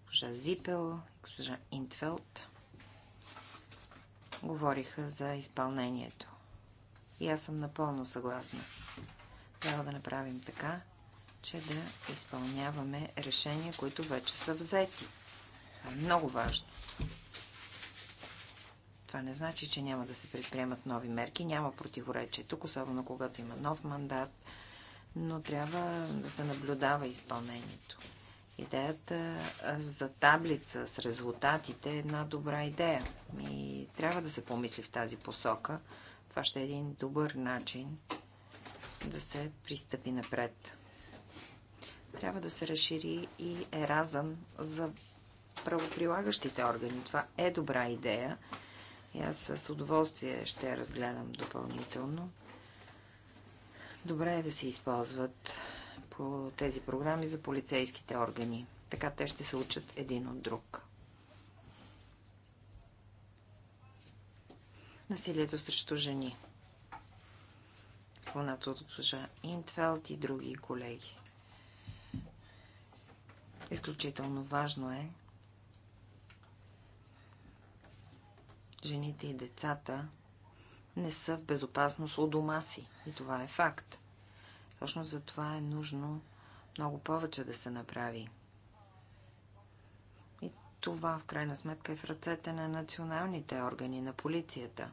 Госпожа Зипел, госпожа Интфелд говориха за изпълнението. И аз съм напълно съгласна. Трябва да направим така, че да изпълняваме решения, които вече са взети. Това е много важно. Това не значи, че няма да се предприемат нови мерки, няма противоречие. Тук, особено когато има нов мандат, но трябва да се наблюдава изпълнението. Идеята за таблица с резултатите е една добра идея и трябва да се помисли в тази посока. Това ще е един добър начин да се пристъпи напред. Трябва да се разшири и еразъм за правоприлагащите органи. Това е добра идея и аз с удоволствие ще я разгледам допълнително. Добре е да се използват по тези програми за полицейските органи. Така те ще се учат един от друг. Насилието срещу жени. Клонато от госпожа Интфелд и други колеги. Изключително важно е жените и децата не са в безопасност у дома си. И това е факт. Точно за това е нужно много повече да се направи. И това в крайна сметка е в ръцете на националните органи, на полицията.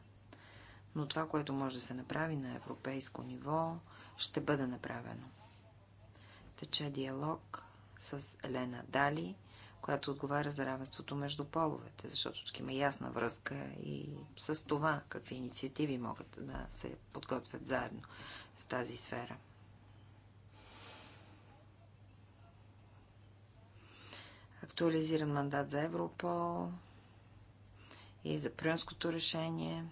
Но това, което може да се направи на европейско ниво, ще бъде направено. Тече диалог с Елена Дали която отговаря за равенството между половете, защото тук има ясна връзка и с това какви инициативи могат да се подготвят заедно в тази сфера. Актуализиран мандат за Европол и за прюнското решение.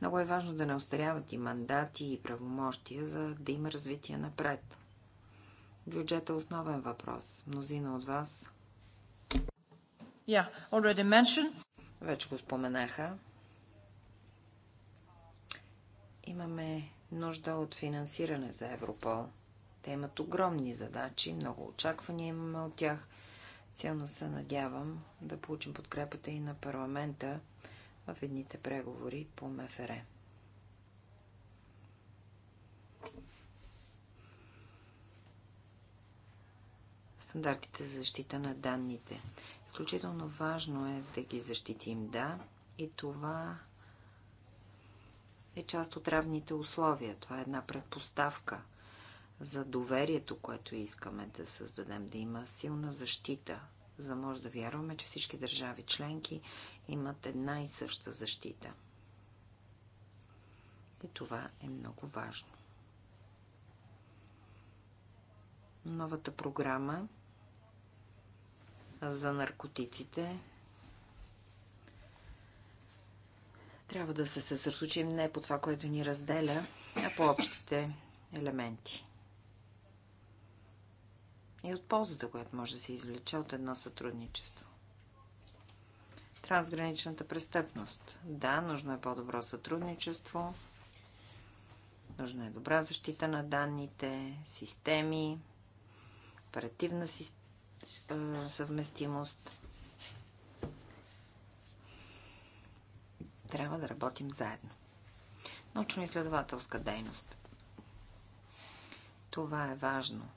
Много е важно да не остаряват и мандати и правомощия, за да има развитие напред. Бюджета е основен въпрос. Мнозина от вас. Yeah, Вече го споменаха. Имаме нужда от финансиране за Европол. Те имат огромни задачи, много очаквания имаме от тях. Силно се надявам да получим подкрепата и на парламента в едните преговори по МФР. стандартите за защита на данните. Изключително важно е да ги защитим, да, и това е част от равните условия. Това е една предпоставка за доверието, което искаме да създадем, да има силна защита, за да може да вярваме, че всички държави членки имат една и съща защита. И това е много важно. Новата програма за наркотиците. Трябва да се съсредоточим не по това, което ни разделя, а по общите елементи. И от ползата, която може да се извлече от едно сътрудничество. Трансграничната престъпност. Да, нужно е по-добро сътрудничество. Нужна е добра защита на данните, системи, оперативна система съвместимост. Трябва да работим заедно. Научно-изследователска дейност. Това е важно.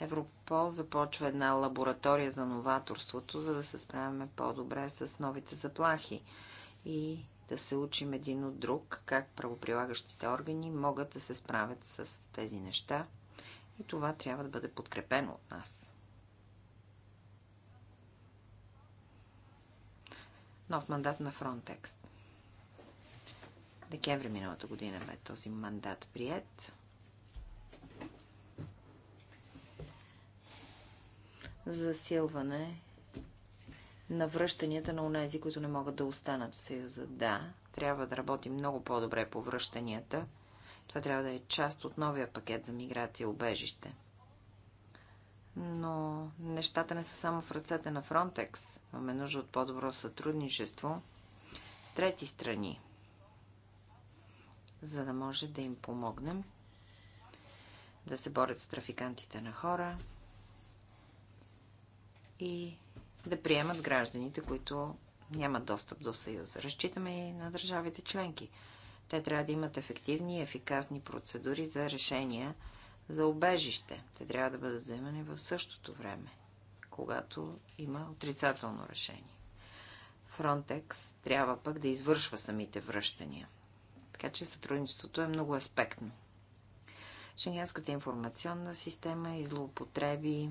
Европол започва една лаборатория за новаторството, за да се справяме по-добре с новите заплахи и да се учим един от друг, как правоприлагащите органи могат да се справят с тези неща – и това трябва да бъде подкрепено от нас. Нов мандат на Frontex. Декември миналата година бе този мандат прият. Засилване на връщанията на унези, които не могат да останат в Съюза. Да, трябва да работим много по-добре по връщанията – това трябва да е част от новия пакет за миграция и убежище. Но нещата не са само в ръцете на Фронтекс. Имаме нужда от по-добро сътрудничество с трети страни, за да може да им помогнем да се борят с трафикантите на хора и да приемат гражданите, които нямат достъп до Съюза. Разчитаме и на държавите членки – те трябва да имат ефективни и ефикасни процедури за решения за обежище. Те трябва да бъдат вземани в същото време, когато има отрицателно решение. Фронтекс трябва пък да извършва самите връщания. Така че сътрудничеството е много аспектно. Шенгенската информационна система и злоупотреби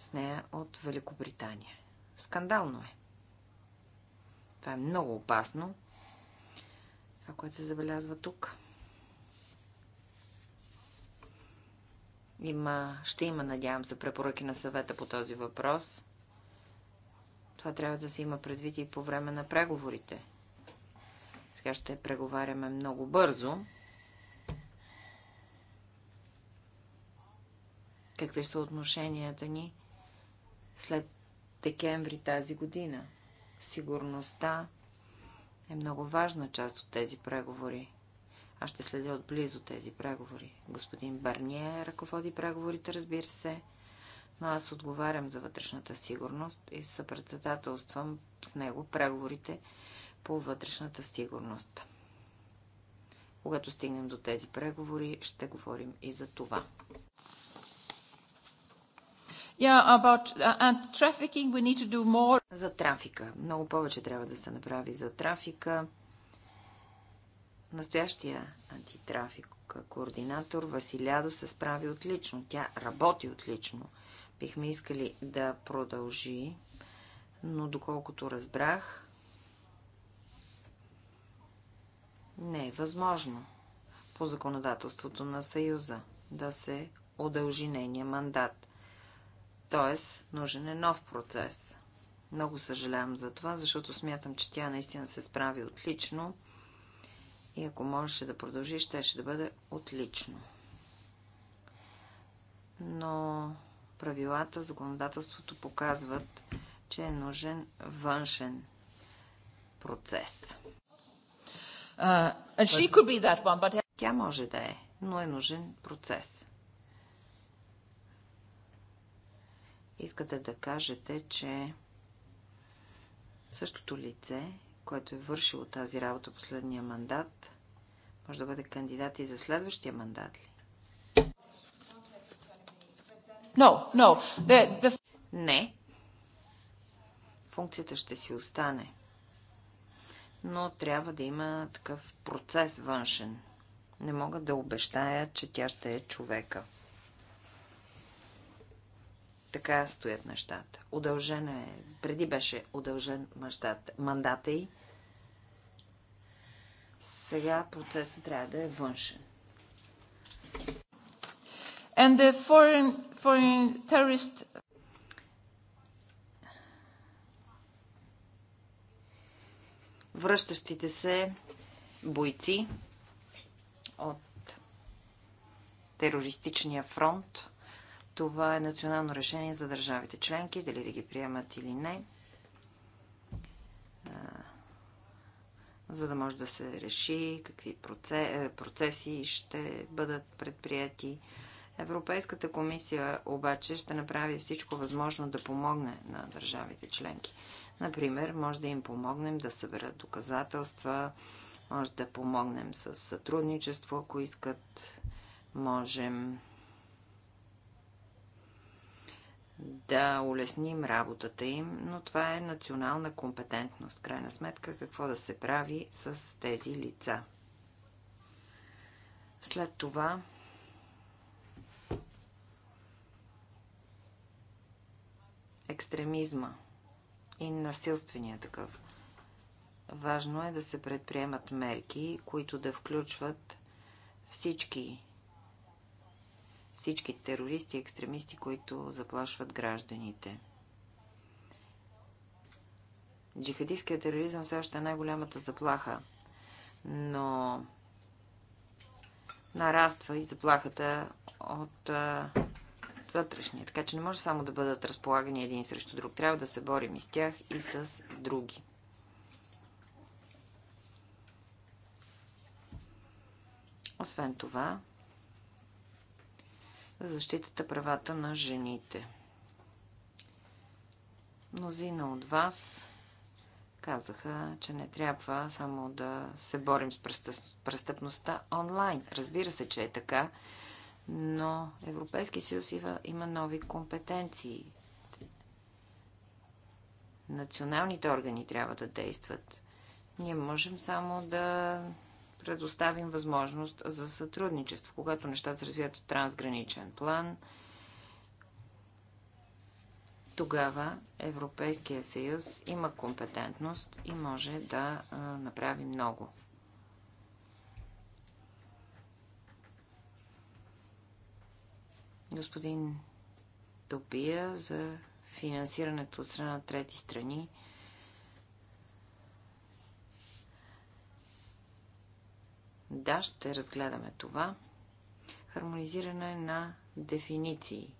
с нея от Великобритания. Скандално е. Това е много опасно това, което се забелязва тук. Има, ще има, надявам се, препоръки на съвета по този въпрос. Това трябва да се има предвид и по време на преговорите. Сега ще преговаряме много бързо. Какви са отношенията ни след декември тази година? Сигурността е много важна част от тези преговори. Аз ще следя отблизо тези преговори. Господин Барние ръководи преговорите, разбира се, но аз отговарям за вътрешната сигурност и съпредседателствам с него преговорите по вътрешната сигурност. Когато стигнем до тези преговори, ще говорим и за това. Yeah, about uh, trafficking we need to do more. За трафика. Много повече трябва да се направи за трафика. Настоящия антитрафик координатор Василядо се справи отлично. Тя работи отлично. Бихме искали да продължи, но доколкото разбрах, не е възможно по законодателството на Съюза да се удължи нейния мандат. Тоест, нужен е нов процес. Много съжалявам за това, защото смятам, че тя наистина се справи отлично и ако можеше да продължи, ще, ще да бъде отлично. Но правилата, законодателството показват, че е нужен външен процес. Uh, one, but... Тя може да е, но е нужен процес. искате да кажете, че същото лице, което е вършило тази работа последния мандат, може да бъде кандидат и за следващия мандат ли? No, no. The, the... Не. Функцията ще си остане. Но трябва да има такъв процес външен. Не мога да обещая, че тя ще е човека така стоят нещата. Удължена е, преди беше удължен мандата й. Сега процесът трябва да е външен. And the foreign, foreign terrorist... Връщащите се бойци от терористичния фронт това е национално решение за държавите членки, дали да ги приемат или не, за да може да се реши какви е, процеси ще бъдат предприяти. Европейската комисия обаче ще направи всичко възможно да помогне на държавите членки. Например, може да им помогнем да съберат доказателства, може да помогнем с сътрудничество, ако искат, можем да улесним работата им, но това е национална компетентност. Крайна сметка, какво да се прави с тези лица. След това екстремизма и насилствения такъв. Важно е да се предприемат мерки, които да включват всички всички терористи и екстремисти, които заплашват гражданите. Джихадистският тероризъм все още е най-голямата заплаха, но нараства и заплахата от вътрешния. Така че не може само да бъдат разполагани един срещу друг. Трябва да се борим и с тях, и с други. Освен това, за защитата правата на жените. Мнозина от вас казаха, че не трябва само да се борим с престъпността онлайн. Разбира се, че е така, но Европейски съюз има нови компетенции. Националните органи трябва да действат. Ние можем само да предоставим възможност за сътрудничество, когато нещата се развият в трансграничен план. Тогава Европейския съюз има компетентност и може да направи много. Господин Топия за финансирането от страна на трети страни – Да, ще разгледаме това. Хармонизиране на дефиниции.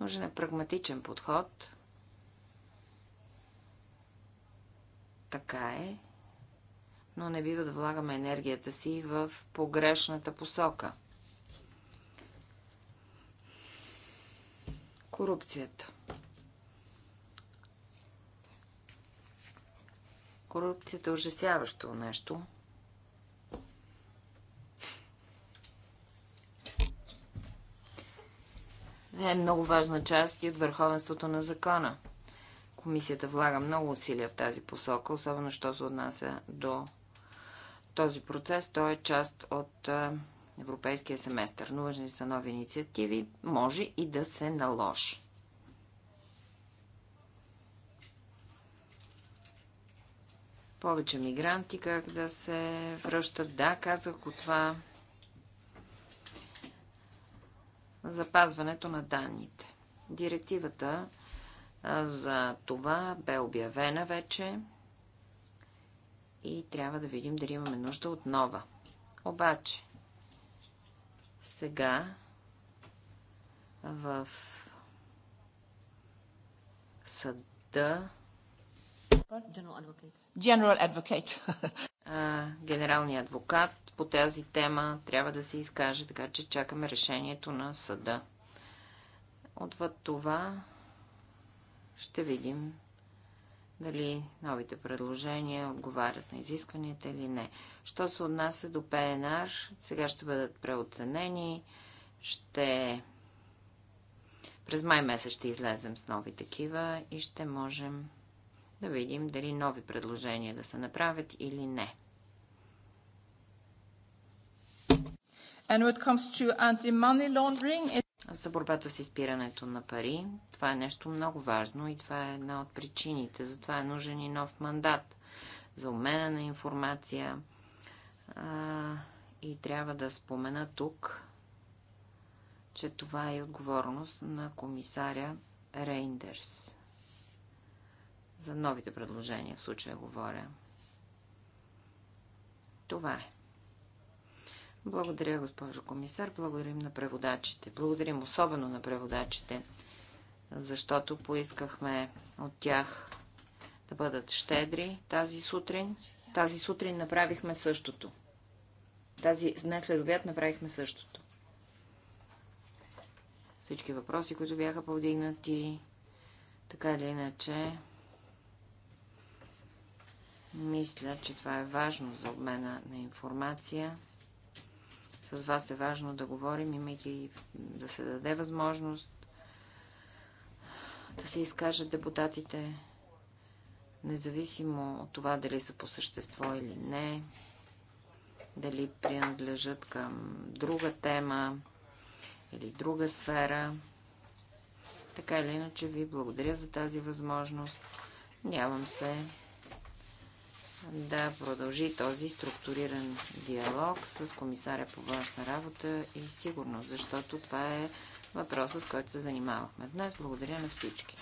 Нужен е прагматичен подход. Така е. Но не бива да влагаме енергията си в погрешната посока. Корупцията. Корупцията е ужасяващо нещо. е много важна част и от върховенството на закона. Комисията влага много усилия в тази посока, особено що се отнася до този процес. Той е част от европейския семестър. Но важни са нови инициативи. Може и да се наложи. Повече мигранти как да се връщат. Да, казах от това запазването на данните. Директивата за това бе обявена вече и трябва да видим дали имаме нужда от нова. Обаче, сега в съда General Advocate. General Advocate генералния адвокат по тази тема трябва да се изкаже, така че чакаме решението на съда. Отвъд това ще видим дали новите предложения отговарят на изискванията или не. Що се отнася до ПНР, сега ще бъдат преоценени, ще... През май месец ще излезем с нови такива и ще можем да видим дали нови предложения да се направят или не. And when it comes to anti-money laundering, it... За борбата с изпирането на пари, това е нещо много важно и това е една от причините. Затова е нужен и нов мандат за обмена на информация. А, и трябва да спомена тук, че това е отговорност на комисаря Рейндерс. За новите предложения в случая говоря. Това е. Благодаря, госпожо комисар. Благодарим на преводачите. Благодарим особено на преводачите, защото поискахме от тях да бъдат щедри тази сутрин. Тази сутрин направихме същото. Тази днес след обяд направихме същото. Всички въпроси, които бяха повдигнати, така или иначе, мисля, че това е важно за обмена на информация. С вас е важно да говорим, имайки да се даде възможност да се изкажат депутатите, независимо от това дали са по същество или не, дали принадлежат към друга тема или друга сфера. Така или иначе ви благодаря за тази възможност. Нямам се да продължи този структуриран диалог с комисаря по външна работа и сигурност, защото това е въпросът, с който се занимавахме днес. Благодаря на всички.